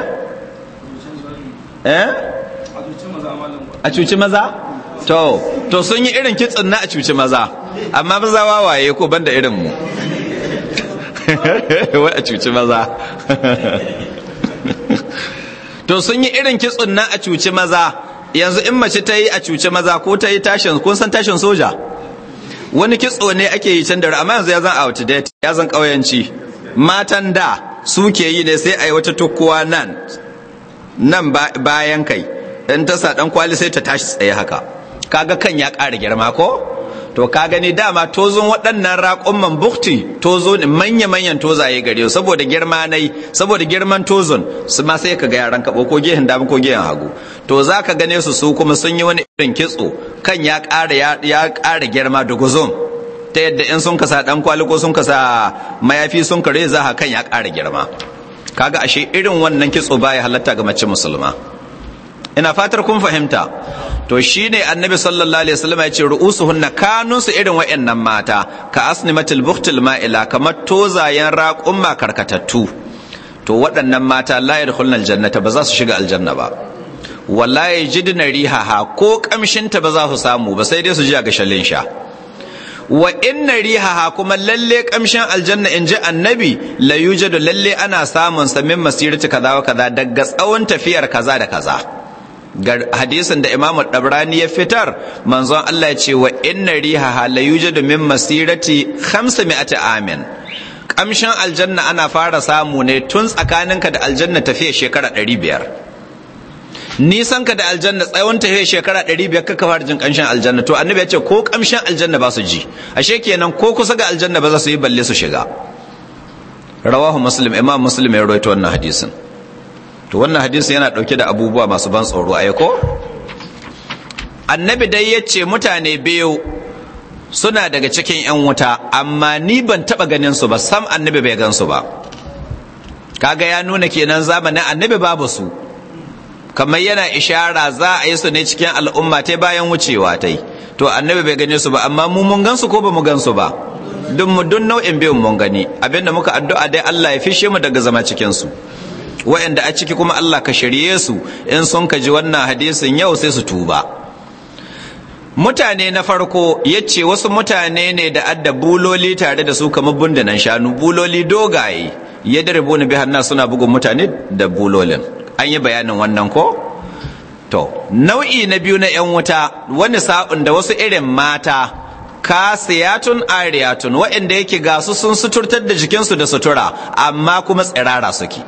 Eh? a cuci maza to sun yi irin kitsun na a cuci maza amma maza wawaye ko banda irin mu (laughs) wai a cuci maza (laughs) to sun yi irin kitsun na a cuci maza yanzu in mace ta yi a cuce maza ko ta yi tashin kun san tashin soja wani kitso ne ake yi can dare amma yanzu ya zan outdated ya zan ƙauyanci matan da suke yi ne sai a yi wata tukkuwa nan nan bayan kai in ta sa dan kwali sai ta tashi tsaye haka kaga kan ya ƙara girma ko to ka gani dama tozon waɗannan man bukti tozo manya-manyan tozaye gare saboda girma yi saboda girman tozon su ma sai ka ga yaran kaɓo ko gehen dama ko gehen hagu to za ka gane su su kuma sun yi wani irin kitso kan ya ƙara girma da guzon ta yadda in sun kasa ɗan kwali ko sun kasa mayafi sun kare za kan ya ƙara girma kaga ashe irin wannan kitso baya halatta ga mace musulma ina fatar kun fahimta to shine annabi sallallahu alaihi wasallam ya ce ru'usuhunna kanunsu irin wayannan mata ka asnimatil buhtil ma'ila kamar tozayen raƙumma karkatattu to waɗannan mata la yadkhulna aljannata ba za su shiga aljanna ba wallahi jidna rihaha ko kamshinta ba za su samu ba sai dai su ji ga shallin sha wa inna rihaha kuma lalle kamshin aljanna in ji annabi la yujadu lalle ana samun sa min masirati kaza wa kaza daga tsawon tafiyar kaza da kaza hadisin da imam dabrani ya fitar manzon Allah ya ce wa inna riha la yujadu min masirati 500 amin kamshin aljanna ana fara samu ne tun tsakaninka da aljanna tafiya shekara 500 nisan ka da aljanna tsawon tafiya shekara 500 kaka fara jin kamshin aljanna to annabi ya ce ko kamshin aljanna ba su ji ashe kenan ko kusa ga aljanna ba za su yi balle su shiga rawahu muslim imam muslim ya rawaito wannan hadisin to wannan hadisi yana dauke da abubuwa masu ban tsoro a yako annabi dai ya ce mutane biyu suna daga cikin 'yan wuta amma ni ban taba ganin su ba sam annabi bai gan su ba kaga ya nuna kenan zamanin annabi babu su kamar yana ishara za a yi su ne cikin al'umma ta bayan wucewa ta to annabi bai gane su ba amma mu mun gan su ko ba mu gan su ba dun mu dun nau'in biyun mun gani abinda muka addu'a dai Allah ya fishe mu daga zama cikin su wa'anda a ciki kuma Allah ka shirye su in sun ka ji wannan hadisin yau sai su tuba mutane na farko ya ce wasu mutane ne da adda buloli tare da su kamar bundunan shanu buloli dogaye ya da rubuni bi hannu suna bugun mutane da bulolin an yi bayanin wannan ko to nau'i na biyu na 'yan wuta wani sa'un da wasu irin mata ka kasiyatun ariyatun wa'anda yake gasu sun suturtar da jikinsu da sutura amma kuma tsirara suke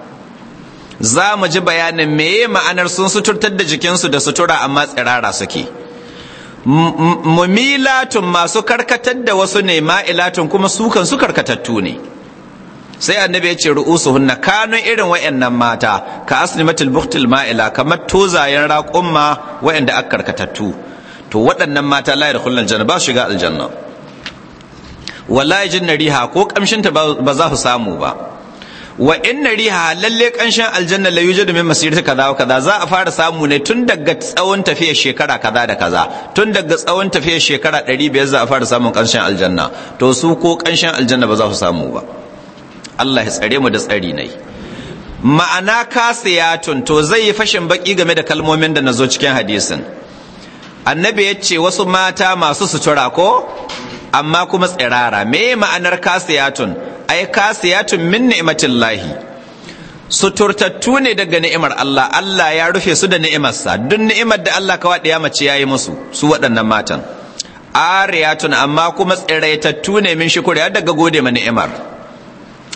za mu ji bayanin meye ma'anar sun suturtar da jikinsu da sutura amma tsirara suke mumilatun masu karkatar da wasu ne ma'ilatun kuma sukan su karkatattu ne sai annabi ya ce ru'usu hunna kanun irin nan mata ka asnimatul buhtul ma'ila kamar tozayen raƙumma da aka karkatattu to waɗannan mata layar kullum aljanna ba shiga aljanna wallahi jinna riha ko kamshinta ba za su samu ba wa inna riha lalle kanshin aljanna la yujadu min masirati kaza wa kaza za a fara samu ne tun daga tsawon tafiyar shekara kaza da kaza tun daga tsawon tafiyar shekara 500 za a fara samun kanshin aljanna to su ko kanshin aljanna ba za su samu ba Allah ya tsare mu da tsari ne ma'ana kasiyatun to zai yi fashin baki game da kalmomin da nazo cikin hadisin annabi ya ce wasu mata masu sutura ko amma kuma tsirara me ma'anar kasiyatun ai kasiyatun min ni'matillahi suturtattu ne daga ni'imar Allah Allah ya rufe su da ni'imarsa duk ni'imar da Allah kawa ya mace yayi musu su waɗannan matan ariyatun amma kuma tsiraitattu ne min shukuri daga gode ma ni'imar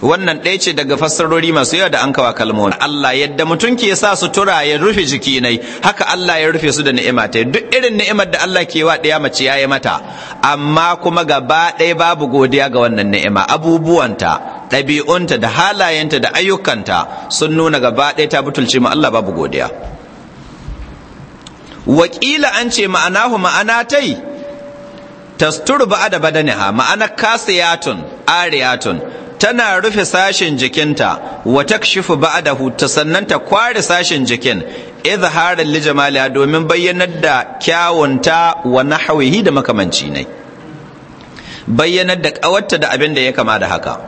wannan ɗaya ce daga fassarori masu yawa da an kawa kalmomi Allah yadda mutum ke sa sutura ya rufe jiki nai haka Allah ya rufe su da ni'ima ta duk irin ni'imar da Allah ke wa ɗaya mace ya yi mata amma kuma gaba ɗaya babu godiya ga wannan ni'ima abubuwanta ɗabi'unta da halayenta da ayyukanta sun nuna gaba ɗaya ta butulce Ma Allah babu godiya wakila an ce ma'anahu ma'anatai tastur ba'a da badaniha ma'ana kasiyatun ariyatun tana rufe sashen jikinta wa takshifu da ta sannan ta kware sashen jikin harin li domin bayyanar da kyawunta wa nahwihi da makamanci ne bayyanar da kawarta da abin da ya kama da haka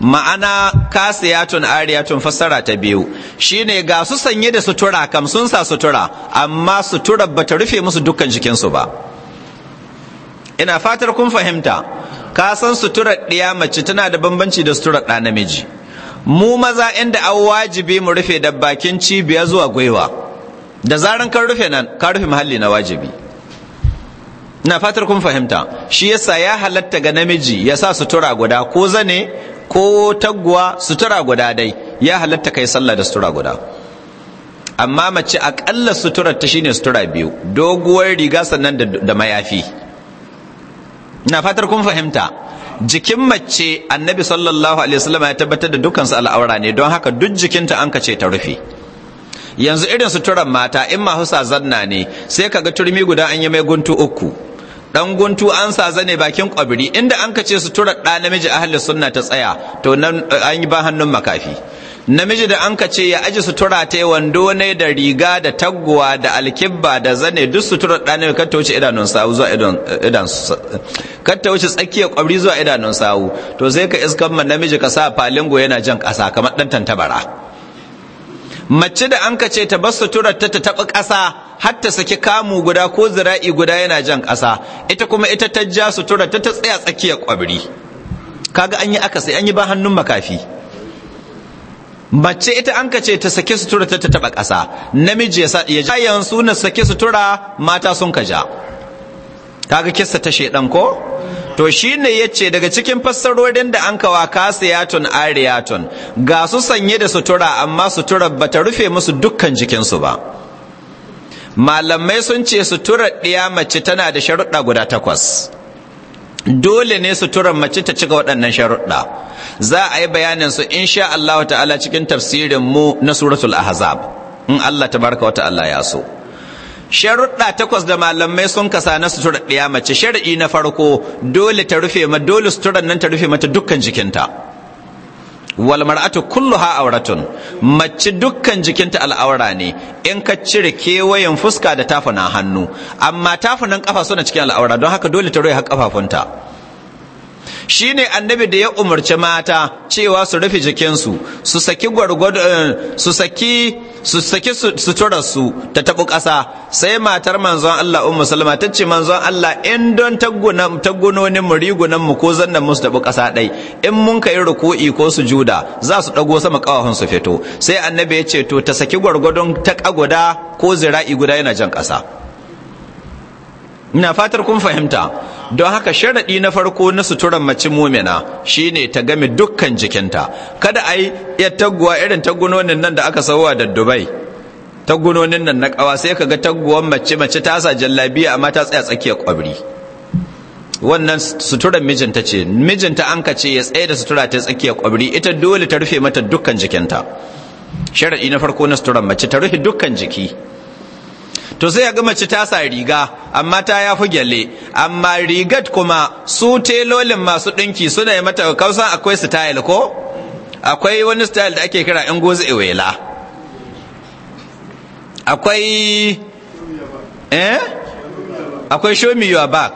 ma'ana kasiyatun ariyatun fassara ta biyu shine ga su sanye da sutura kam sun sa sutura amma sutura bata rufe musu dukkan jikinsu ba ina fatar kun fahimta ka san suturar ɗaya mace tana da bambanci da suturar ɗa namiji mu maza inda an wajibi mu rufe da bakin cibiya zuwa gwaiwa da zaran ka rufe nan ka rufe muhalli na wajibi na fatar kun fahimta shi yasa ya halatta ga namiji ya sa sutura guda ko zane ko taguwa sutura guda dai ya halatta kai sallah da sutura guda amma mace akalla suturar ta shine sutura biyu doguwar riga sannan da mayafi na fatar kun fahimta jikin mace annabi sallallahu alaihi wasallam ya tabbatar da dukkan su al'aura ne don haka duk jikinta an kace ta rufe yanzu irin suturan mata in ma husa zanna ne sai kaga turmi guda an yi mai guntu uku dan guntu an sa zane bakin kwabiri inda an kace suturar da namiji ahli sunna ta tsaya to nan eh, an yi ban hannun makafi namiji da an ka ce ya aji sutura ta wando ne da riga da taguwa da alkibba da zane duk sutura ɗane ka ta wuce idanun sawu zuwa idan ka ta wuce tsakiyar kwabri zuwa idanun sawu to sai ka iskan ma namiji ka sa falingo yana jan ƙasa kamar dan tantabara mace da an ka ce ta bar sutura ta ta taɓa kasa har ta saki kamu guda ko zira'i guda yana jan ƙasa ita kuma ita ta ja sutura ta ta tsaya tsakiya kwabri kaga an yi akasai an yi ba hannun makafi mace ita an ce ta sake sutura ta ta taba ƙasa namiji ya ya ja yansu na sake sutura mata sun kaja. ja kaga kissa ta shedan ko to shine yace daga cikin fassarorin da an kawa kasiyatun ariyatun ga su sanye da sutura amma sutura bata rufe musu dukkan jikinsu ba malamai sun ce sutura ɗiya mace tana da sharuɗa guda takwas dole ne suturar mace ta cika waɗannan sharuɗa za a yi bayanin su insha Allah ta'ala cikin tafsirin mu na suratul ahzab in Allah tabaraka wa ta'ala ya so sharuɗa takwas da malamai sun kasa na suturar ɗiya mace shari'i na farko dole ta rufe ma dole suturar nan ta rufe mata dukkan jikinta wal mar'atu kulluha auratun mace dukkan jikinta al'aura ne in ka cire kewayen fuska da tafunan hannu amma tafunan kafa suna cikin al'aura don haka dole ta roye kafafunta shine annabi da ya umarci mata cewa su rufe jikinsu su saki eh, su saki su saki suturarsu ta tabu ƙasa sai matar manzon Allah ummu salama ta ce manzon Allah in don tagguna tagunonin mu rigunan mu ko zannan mu su tabu ƙasa dai in mun kai ruku'i ko sujuda za su dago sama kawahun su fito sai annabi ya ce to ta saki gwargwadon ta guda ko zira'i guda yana jan ƙasa ina fatar kun fahimta don haka sharaɗi na farko na suturan mace mumina shine ta game dukkan jikinta kada a yi iya taguwa irin tagunonin nan da aka sauwa da dubai tagunonin nan na kawa sai ka ga taguwan mace mace ta sa jallabiya amma ta tsaya tsakiyar kwabri wannan suturan mijinta ce mijinta an ka ce ya tsaye da sutura ta tsakiyar kwabri ita dole ta rufe mata dukkan jikinta sharaɗi na farko na suturan mace ta rufe dukkan jiki to sai ya ga mace ta sa riga amma ta ya fi gyale amma rigat kuma su telolin masu ɗinki suna yi mata kausan akwai style ko akwai wani style da ake kira ingozi iwela akwai eh akwai show me your back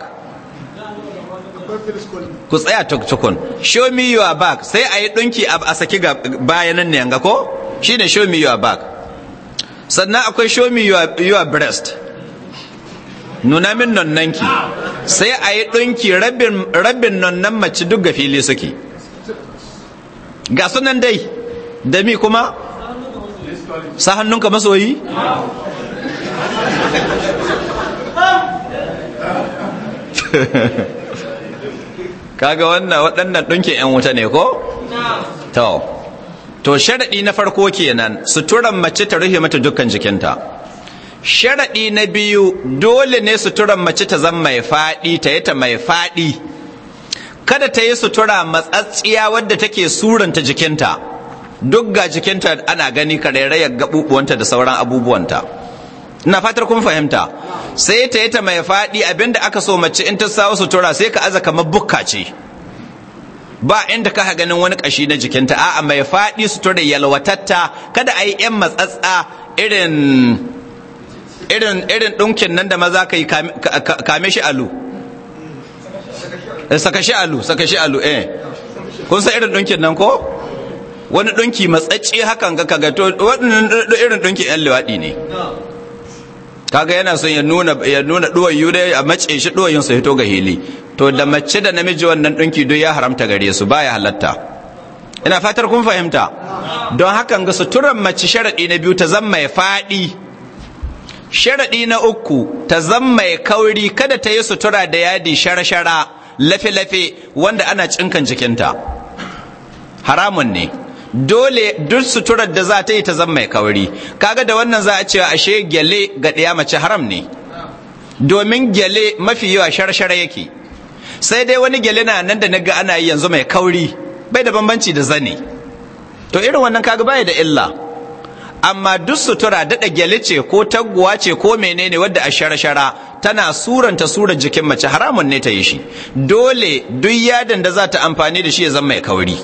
ku tsaya tukun show me your back sai a yi ɗinki a saki bayanan ne yanga ko shine show me your back sannan akwai show me your breast nuna min ki sai a yi ɗunki rabin nonnan mace duk ga fili suke ga sunan dai da mi kuma sa hannunka masoyi (laughs) kaga wannan waɗannan ɗunkin 'yan wuta ne ko? to to sharaɗi na farko kenan suturan mace ta rufe mata dukkan jikinta sharaɗi na biyu dole ne suturan mace ta zama mai faɗi ta yi ta mai faɗi kada ta yi sutura matsatsiya wadda take suranta jikinta duk ga jikinta ana gani ka ga gaɓuɓuwanta da sauran abubuwanta na fatar kun fahimta sai ta yi ta mai faɗi abinda aka so mace in ta sawo sutura sai ka aza kamar bukka ce ba inda ka ganin wani kashi na jikinta a'a mai faɗi sutura yalwatatta kada a yi 'yan matsatsa irin irin irin ɗinkin nan da maza ka yi kame shi alu eh, saka shi alu saka shi alu eh kun san irin ɗinkin nan ko wani ɗinki matsacce hakan ka kaga to irin ɗinkin 'yan liwaɗi ne kaga yana son ya nuna ya nuna yu dai a mace shi duwan sa hito ga hili to da mace da namiji wannan dinki duk ya haramta gare su baya halatta ina fatar kun fahimta don hakan ga suturan mace sharadi na biyu ta zamma ya fadi sharadi na uku ta zamma ya kauri kada ta yi sutura da yadi shara-shara lafe-lafe wanda ana cinkan jikinta haramun ne dole duk suturar da za ta yi ta zama mai kauri kaga da wannan za a cewa ashe gyale ga ɗaya mace haram ne domin gyale mafi yawa sharshara yake sai dai wani gyale na nan da na ga ana yi yanzu mai kauri bai da bambanci da zane to irin wannan kaga baya da illa amma duk sutura daɗa gyale ce ko taguwa ce ko menene wadda a shara-shara tana suranta surar jikin mace haramun ne ta yi shi dole duk yadin da za ta amfani da shi ya zama mai kauri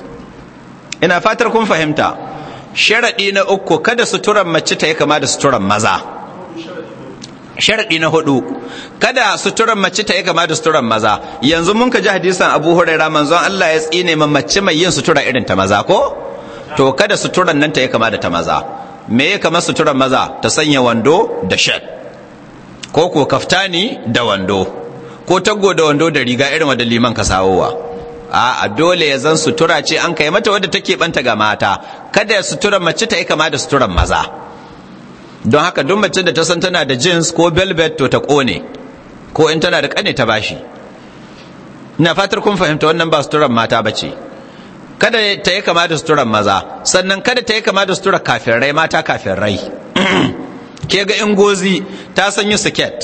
ina fatar kun fahimta sharaɗi na uku kada suturan mace ta yi kama da suturan maza sharaɗi na hudu kada suturan mace ta yi kama da suturan maza yanzu mun ka ji hadisan abu huraira manzon allah ya tsine ma mace mai yin sutura irin ta maza ko to kada suturan nan ta yi kama da ta maza me ya kama suturan maza ta sanya wando da shed ko ko kaftani da wando ko taggo da wando da riga irin wadda liman ka sawowa a dole ya zan sutura ce an kai mata wadda take banta ga mata kada ya sutura mace ta yi kama da suturan maza don haka duk mace da ta san tana da jeans ko velvet to ta kone ko in tana da kane ta bashi ina fatar kun fahimta wannan ba suturan mata bace kada ta yi kama da suturan maza sannan kada ta yi kama da suturar kafirai mata kafirai (clears throat) ke ga ingozi ta sanya siket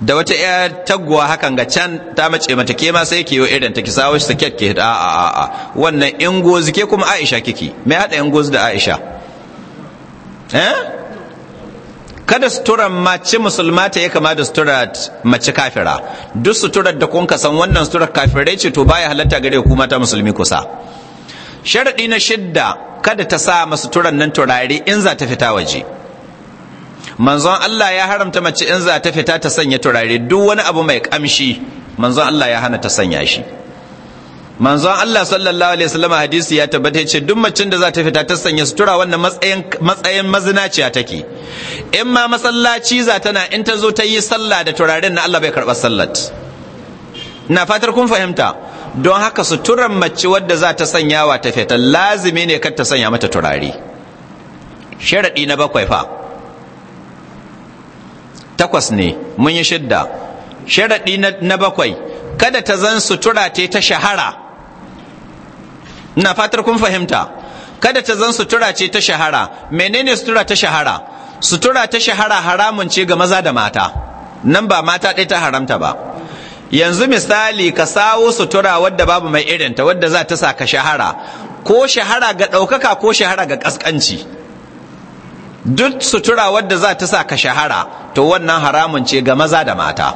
da wata ya taguwa hakan ga can ta mace mata ke ma sai ke yi irin ta ki sawo shi sake ke a a a wannan in gozi ke kuma Aisha kiki me hada in gozi da Aisha eh kada suturar mace musulma ta ya kama da suturar mace kafira duk suturar da kun san wannan suturar kafirai ce to baya halatta gare ku mata musulmi kusa sharadi na shidda kada ta sa turan nan turare in za ta fita waje manzon Allah ya haramta mace in za ta fita ta sanya turare duk wani abu mai kamshi manzon Allah ya hana ta sanya shi manzon Allah sallallahu alaihi wasallam hadisi ya tabbata ce duk macin da za ta fita ta sanya sutura wannan matsayin matsayin mazinaciya take in ma masallaci za tana in ta zo ta yi sallah da turaren na Allah bai karba sallat na fatar kun fahimta don haka suturan mace wadda za ta sanya wa ta fita lazimi ne kar ta sanya mata turare sharadi na bakwai fa takwas ne mun yi shidda sharaɗi na bakwai kada ta zan sutura ce ta shahara na fatar kun fahimta kada ta zan sutura ce ta shahara menene sutura ta shahara sutura ta shahara haramun ce ga maza da mata nan ba mata ɗaya ta haramta ba yanzu misali ka sawo sutura wadda babu mai irinta wadda za ta sa ka shahara ko shahara ga ɗaukaka ko shahara ga ƙasƙanci duk sutura wadda za ta sa ka shahara to wannan haramun ce ga maza da mata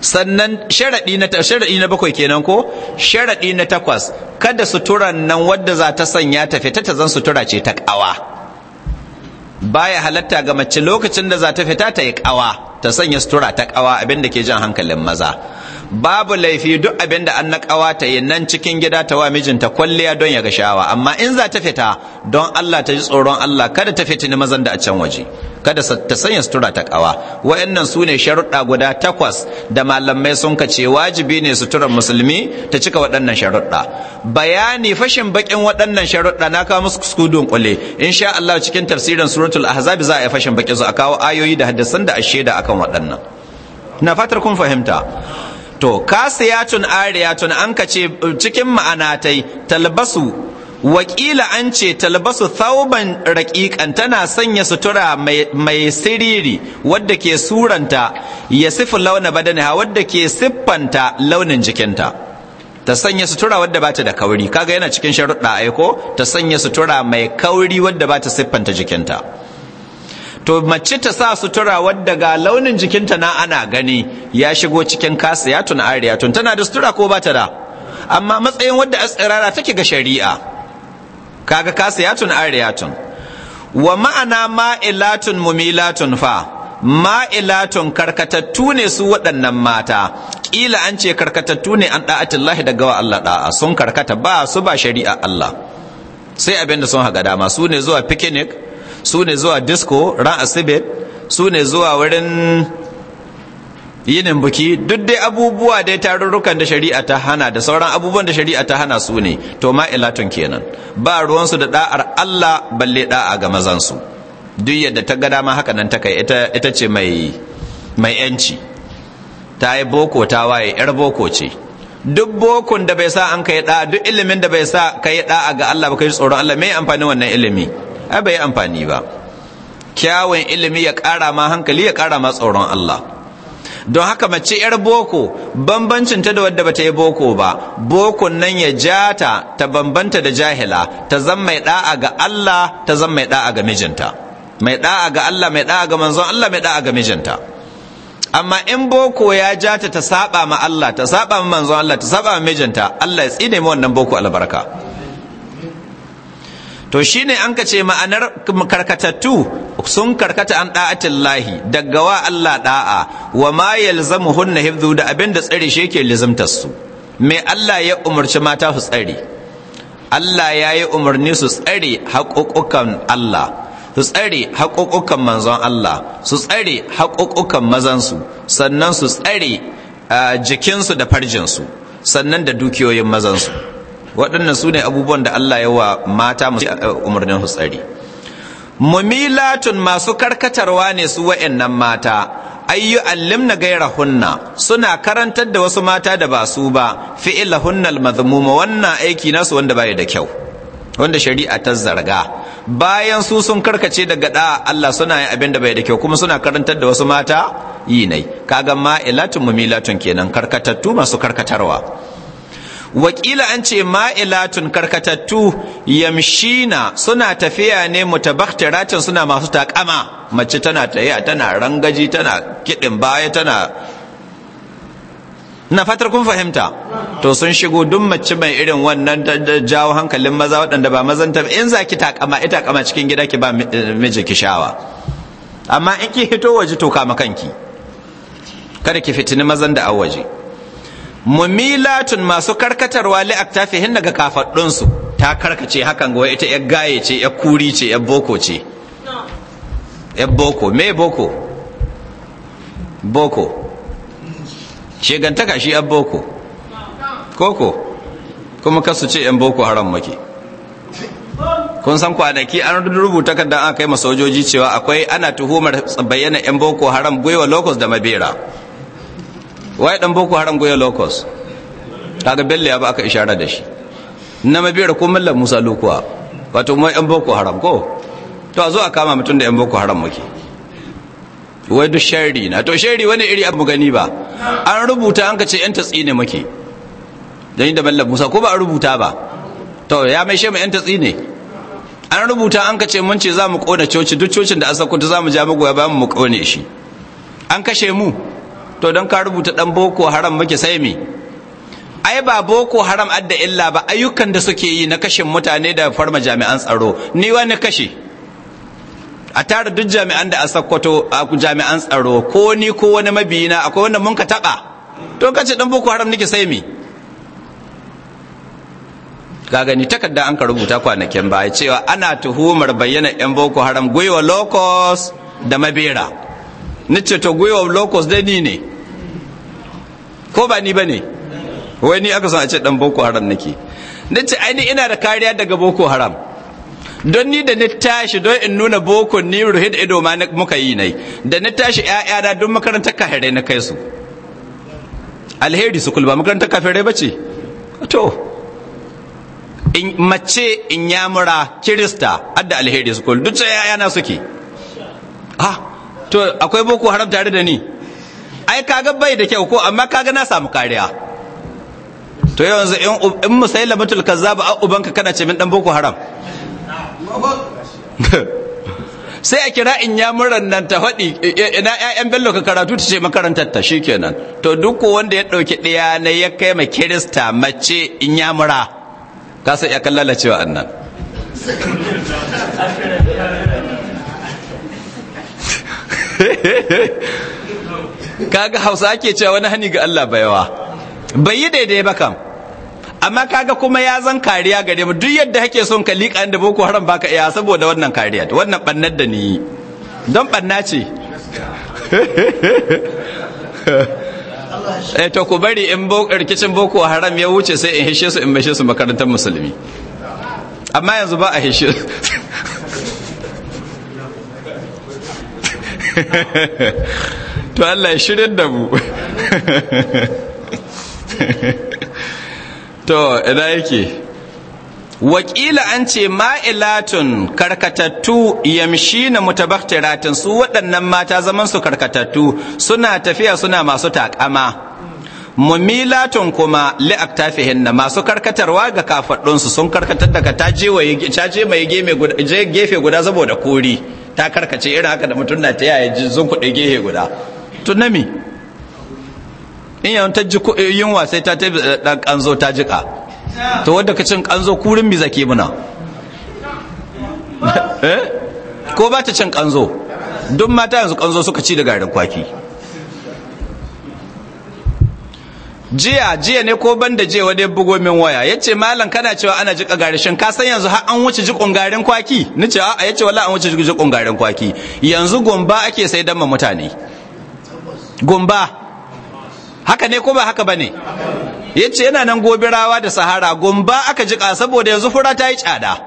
sannan sharaɗi na sharaɗi na bakwai kenan ko sharaɗi na takwas kada suturan nan wadda za ta sanya ta fita ta zan sutura ce ta ƙawa baya halatta ga mace lokacin da za ta fita ta yi ƙawa ta sanya sutura ta ƙawa abin da ke jan hankalin maza babu laifi duk abin da an na kawata yi nan cikin gida ta wa mijinta kwalliya don ya ga sha'awa amma in za ta fita don Allah ta ji tsoron Allah kada ta fitini mazan da a can waje kada ta sanya sutura ta kawa wayannan su ne sharuɗa guda takwas da malamai sun kace wajibi ne suturar musulmi ta cika waɗannan sharuɗa bayani fashin baƙin waɗannan sharuɗa na kawo musu kuskudun kule insha Allah cikin tafsirin suratul ahzab za a yi fashin bakin su a kawo ayoyi da hadisan da ashe akan waɗannan na fatar kun fahimta to kasiyatun ariyatun an ka ce cikin ma'anatai talbasu wakila an ce talbasu thauban raƙiƙan tana sanya sutura mai siriri wadda ke suranta ya sifu launa badaniha wadda ke siffanta launin jikinta ta sanya sutura wadda ba ta da kauri kaga yana cikin sharuɗa aiko ta sanya sutura mai kauri wadda ba ta siffanta jikinta to mace ta sa sutura wadda ga launin jikinta na ana gani ya shigo cikin kasiyatun ariyatun tana da sutura ko bata da amma matsayin wadda asirara take ga shari'a kaga kasiyatun ariyatun wa ma'ana ma'ilatun mumilatun fa ma'ilatun karkatattu ne su waɗannan mata ƙila an ce karkatattu ne an da'atillahi daga wa Allah da'a sun karkata ba su ba shari'a Allah sai abinda sun haga dama su ne zuwa picnic su ne zuwa disco ran asibit su ne zuwa wurin yinin buki duk dai abubuwa dai tarurrukan da shari'a ta hana da sauran abubuwan da shari'a ta hana su ne to ma ilatun kenan ba ruwansu da da'ar Allah balle da'a ga mazansu duk yadda ta ga dama haka nan ta kai ita ce mai mai yanci ta yi boko ta waye yar boko ce duk bokun da bai sa an kai da'a duk ilimin da bai sa kai da'a ga Allah ba kai tsoron Allah me amfani wannan ilimi ai bai amfani ba kyawun ilimi ya ƙarama ma hankali ya kara ma tsoron Allah don haka mace 'yar boko bambancin ta da wadda bata yi boko ba boko nan ya ja ta bambanta da jahila ta zan mai da'a ga Allah ta zan mai da'a ga mijinta mai da'a ga Allah mai da'a ga manzon Allah mai da'a ga mijinta amma in boko ya ja ta ta saba ma Allah ta saba ma manzon Allah ta saba ma mijinta Allah ya tsine mu wannan boko albarka to shine an ka ce ma'anar karkatattu sun karkata an lahi daga wa Allah da'a wa ma hunna hifzu da abin da tsare shi yake lizimtar su me Allah ya umarci mata su tsare Allah ya yi umarni su tsare haƙoƙokan Allah su tsare haƙoƙokan manzon Allah su tsare haƙoƙokan mazansu sannan su tsare ah, jikinsu da farjinsu sannan da dukiyoyin mazansu waɗannan su ne abubuwan da Allah ya wa mata umarnin hutsari mumilatun masu karkatarwa ne su wa'annan mata ayyu allimna gaira hunna suna karantar da wasu mata da ba su ba fi'ila hunnal mazmuma wannan aiki nasu wanda baya da kyau wanda shari'a ta zarga bayan su sun karkace daga da Allah suna yin abin da bai da kyau kuma suna karantar da wasu mata yi nai kaga ma'ilatun mumilatun kenan karkatattu masu karkatarwa wakila an ce ma'ilatun karkatattu yamshina suna tafiya ne mutabaktiratin suna masu takama mace tana taya tana rangaji tana kidin baya tana na fatar kun fahimta to sun shigo duk mace mai irin wannan da jawo hankalin maza waɗanda ba mazan ta in za ki takama ita kama cikin gida ki ba eh, miji ki shawa amma in ki hito waje to kama kanki kada ki fitini mazan da awaje waje mumilatun masu karkatarwa li aktafihin daga kafaddunsu ta karkace hakan ga ita ya gaye ce ya kuri ce ya boko ce ya boko me boko boko shegantaka shi ya boko koko kuma kasu ce yan boko haram maki kun san kwanaki an rubuta kan da aka kai masojoji cewa akwai ana tuhumar bayyana yan boko haram gwiwa locus da mabera waye dan boko haram goya locus daga belle ya ba aka ishara da shi na mabiyar ko mallam musa lokuwa wato mai yan boko haram ko to a zo a kama mutun da yan boko haram muke wai duk sharri na to sharri wani iri abu gani ba an rubuta an ka ce yan tatsi ne muke dan inda da musa ko ba an rubuta ba to ya mai shema yan tatsi ne an rubuta an ka ce mun ce za mu kona coci duk cocin da an sako ta za mu ja ba bayan mu kone shi an kashe mu to don ka rubuta dan boko haram muke sai me ai ba boko haram adda illa ba ayyukan da suke yi na kashin mutane da farma jami'an tsaro ni wani kashi. a tara duk jami'an da a sakkwato a jami'an tsaro ko ni ko wani mabiyina akwai wanda mun ka taba to kace dan boko haram nake sai me ga gani takarda an ka rubuta kwanakin baya cewa ana tuhumar bayyana yan boko haram gwiwa locos da mabera nace to gwiwa locos dai ni ne ko ba ni ba ne wai ni aka san a ce dan boko haram nake dan ce ni ina da kariya daga boko haram don ni da ni tashi don in nuna boko ni ruhid ido ma muka yi nai da ni tashi ƴaƴana don makarantar kahirai na kai su alheri su kulba makarantar kafirai ba ce to in mace in yamura kirista adda alheri su kul duk na suke ah to akwai boko haram tare da ni ai kaga bai da kyau ko amma kaga na samu kariya to yanzu in in musailamatul kazzab a ubanka kana ce min dan boko haram (laughs) sai a kira in ya muran nan ta faɗi e, e, ina ƴaƴan bello ka karatu ta ce makarantar ta shikenan to duk wanda ya ɗauki ɗaya na ya kai ma kirista mace in ya mura ka sai ya kan lalacewa annan (laughs) kaga hausa ake cewa wani hani ga Allah baiwa bai yi daidai ba kam amma kaga kuma ya zan kariya gare mu duk yadda kake son ka liƙa inda boko haram baka iya saboda wannan kariya wannan bannar da ni don banna ce (laughs) eh to ku bari in rikicin boko haram ya wuce sai in hishe su in bashe su makarantar musulmi amma yanzu ba a hishe (laughs) to Allah ya shirin da mu to ina yake wakila an ce ma'ilatun karkatattu yamshi na mutabaktiratin su waɗannan mata zaman su karkatattu suna tafiya suna masu takama mumilatun kuma li'aktafihin na masu karkatarwa ga kafaɗunsu sun karkatar daga ta je mai gefe guda saboda kori ta karkace irin haka da mutum na ta yaya jizon kuɗi gefe guda to nami in yawon ta ji eh, yunwa sai ta tafi eh, ɗan ƙanzo ta jiƙa to wadda ka cin ƙanzo kurin mi zake muna (laughs) eh? ko ba ta cin ƙanzo duk mata yanzu ƙanzo suka ci da garin kwaki jiya jiya ne ko ban da jiya ya bugo min waya ya ce malam kana cewa ana jiƙa garishin ka san yanzu ha an wuce jiƙon garin kwaki ni ce a ya ce wala an wuce jiƙon garin kwaki yanzu gomba ake sai damma mutane gumba haka ne ko ba haka ba ne ya ce yana nan gobirawa da sahara gumba aka jika saboda yanzu fura ta yi tsada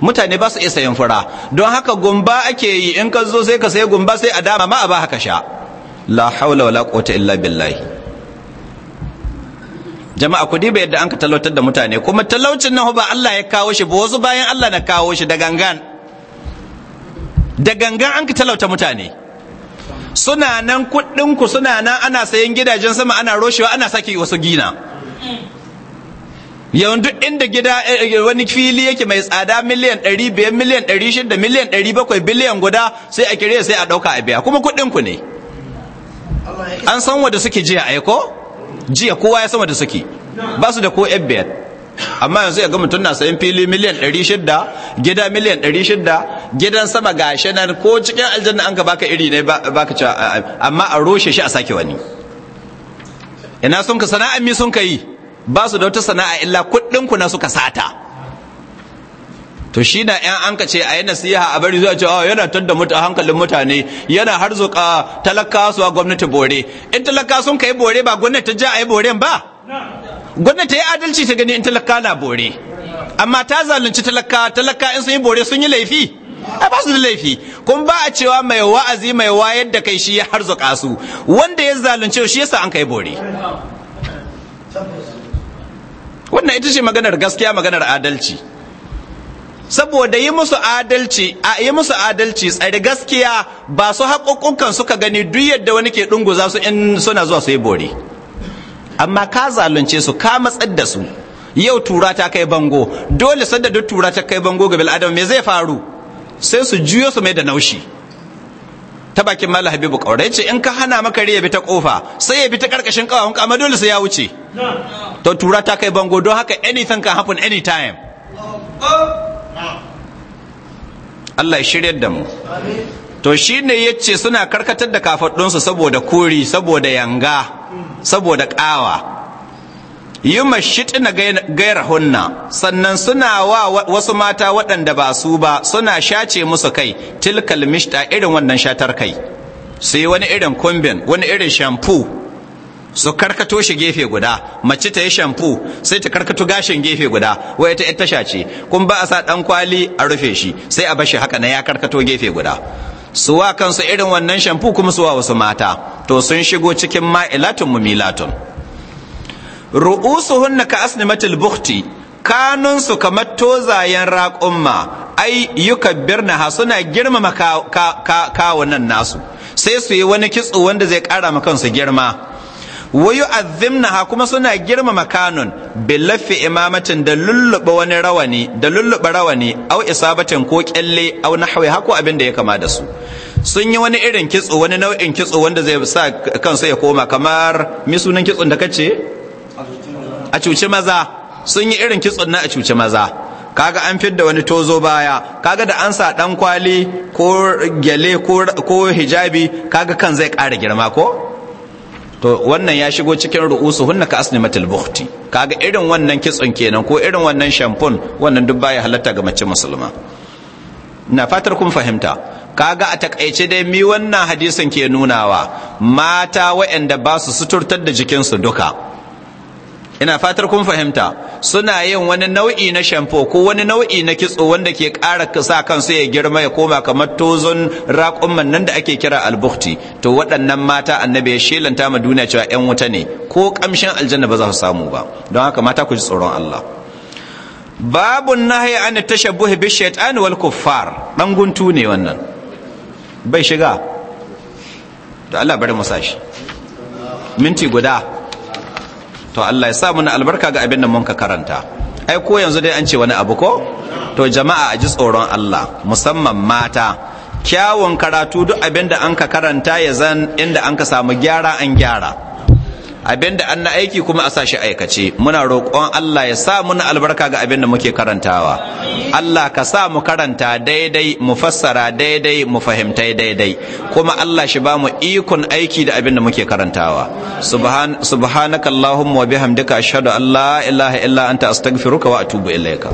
mutane ba su isa yin fura don haka gumba ake yi in ka zo sai ka sayi gumba sai a dama ma a ba haka sha la haula wala quwwata illa billahi jama'a ku diba yadda an ka talautar da mutane kuma talaucin nan ba Allah ya kawo shi ba wasu bayan Allah na kawo shi da gangan da gangan an ka talauta mutane suna nan kuɗinku suna nan ana sayan gidajen sama ana roshewa ana sake wasu gina yawan duk inda gida eh, eh, wani fili yake mai tsada miliyan 500 miliyan 600 miliyan 700 biliyan guda sai a kire sai a ɗauka a biya kuma kuɗinku ne an san wanda suke jiya aiko jiya kowa ya san wanda suke ba su da ko biyar amma yanzu ya ga mutum na sayan fili miliyan 600 gida miliyan 600 gidan sama ga shanar ko cikin aljanna an ka baka iri ne baka ci amma a roshe shi a sake wani ina sun ka sana'a mi sun ka ba su da wata sana'a illa kuɗin ku na suka sata to shi na yan an ce a yi nasiha a bari zuwa cewa ah, yana tadda mutu hankalin mutane yana harzuka talaka su gwamnati bore in talaka sun kai bore ba gwamnati ta ja a yi boren ba gwamnati ta yi adalci ta gani in talaka na bore amma ta zalunci talaka talaka in sun yi bore sun yi laifi a ba su da laifi Kun ba a cewa mai wa'azi mai wayar da kai shi ya harzuka su wanda ya zalunce shi yasa an kai bore wannan ita ce maganar gaskiya maganar adalci saboda yi musu adalci a yi musu adalci tsari gaskiya ba su haƙoƙunkan suka gani duk yadda wani ke ɗunguza su in suna zuwa su yi bore amma ka zalunce su ka matsar da su yau tura ta kai bango dole sadda duk tura ta kai bango ga bil'adama me zai faru sai su juyo su mai da naushi ta bakin mala habibu kaurai ce in ka hana maka ya bi ta kofa sai ya bi ta karkashin kawahun kama dole sai ya wuce to tura ta kai bango don haka anything can happen anytime Allah ya shiryar da mu to shine yace suna karkatar da su saboda kori saboda yanga saboda ƙawa yi mashiɗi na gayar hunna sannan suna wa wasu mata waɗanda ba su ba suna shace musu kai tilkal mishta irin wannan shatar kai su yi wani irin kumbin wani irin shampu su karkato shi gefe guda mace ta yi shampu sai ta karkato gashin gefe guda wai ta ita shace kun ba a sa ɗan kwali a rufe shi sai a bashi haka na ya karkato gefe guda Suwa kansu irin wannan shamfu kuma suwa wasu mata to sun shigo cikin ma'ilatun mumilatun ru'usuhunna ka asnimatil Bukti, kanunsu kamar tozayen raƙumma ai yukabbirnaha suna girmama kawunan nasu sai su yi wani kitso wanda zai ƙara ma kansu girma azimna ha kuma suna girmama kanun billafi imamatin da lulluba wani rawani da lulluba rawani au isabatin ko kyalle au nahwi hako abin da ya kama da su sun yi wani irin kitso wani nau'in kitso wanda zai sa kansu ya koma kamar mi sunan kitson da kace a cuci maza sun yi irin kitson na a cuci maza kaga an fidda wani tozo baya kaga da an sa dan kwali ko gyale ko hijabi kaga kan zai ƙara girma ko to wannan ya shigo cikin ru'usu hunna ka matal bukhti kaga irin wannan kitson kenan ko irin wannan shampoo wannan duk baya halatta ga mace musulma na fatar kun fahimta kaga a takaice dai mi wannan hadisin ke nunawa mata waɗanda ba su suturtar da jikinsu duka ina fatar kun fahimta suna yin wani nau'i na shamfo ko wani nau'i na kitso wanda ke ƙara sa kansu ya girma ya koma kamar tozon raƙon nan da ake kira albukti to waɗannan mata annabi ya shelanta ma duniya cewa 'yan wuta ne ko kamshin aljanna ba za su samu ba don haka mata ku ji tsoron Allah babu nahi an tashabbuh bi shaytan wal kuffar dan guntu ne wannan bai shiga da Allah bari mu sashi minti guda to Allah ya sa mana albarka ga abin da mun ka karanta ai ko yanzu dai an ce wani abu ko to jama'a a ji tsoron Allah musamman mata kyawun karatu duk abin da an ka karanta ya zan inda an ka samu gyara an gyara Abin da an na aiki kuma a sashi aikace muna roƙon Allah ya sa mun albarka ga abin da muke karantawa Allah ka sa mu karanta daidai mu fassara daidai mu fahimta daidai kuma Allah shi ba mu ikon aiki da abin da muke karantawa subhan subhanaka allahumma wa bihamdika ashhadu an la ilaha illa anta astaghfiruka wa atubu ilaika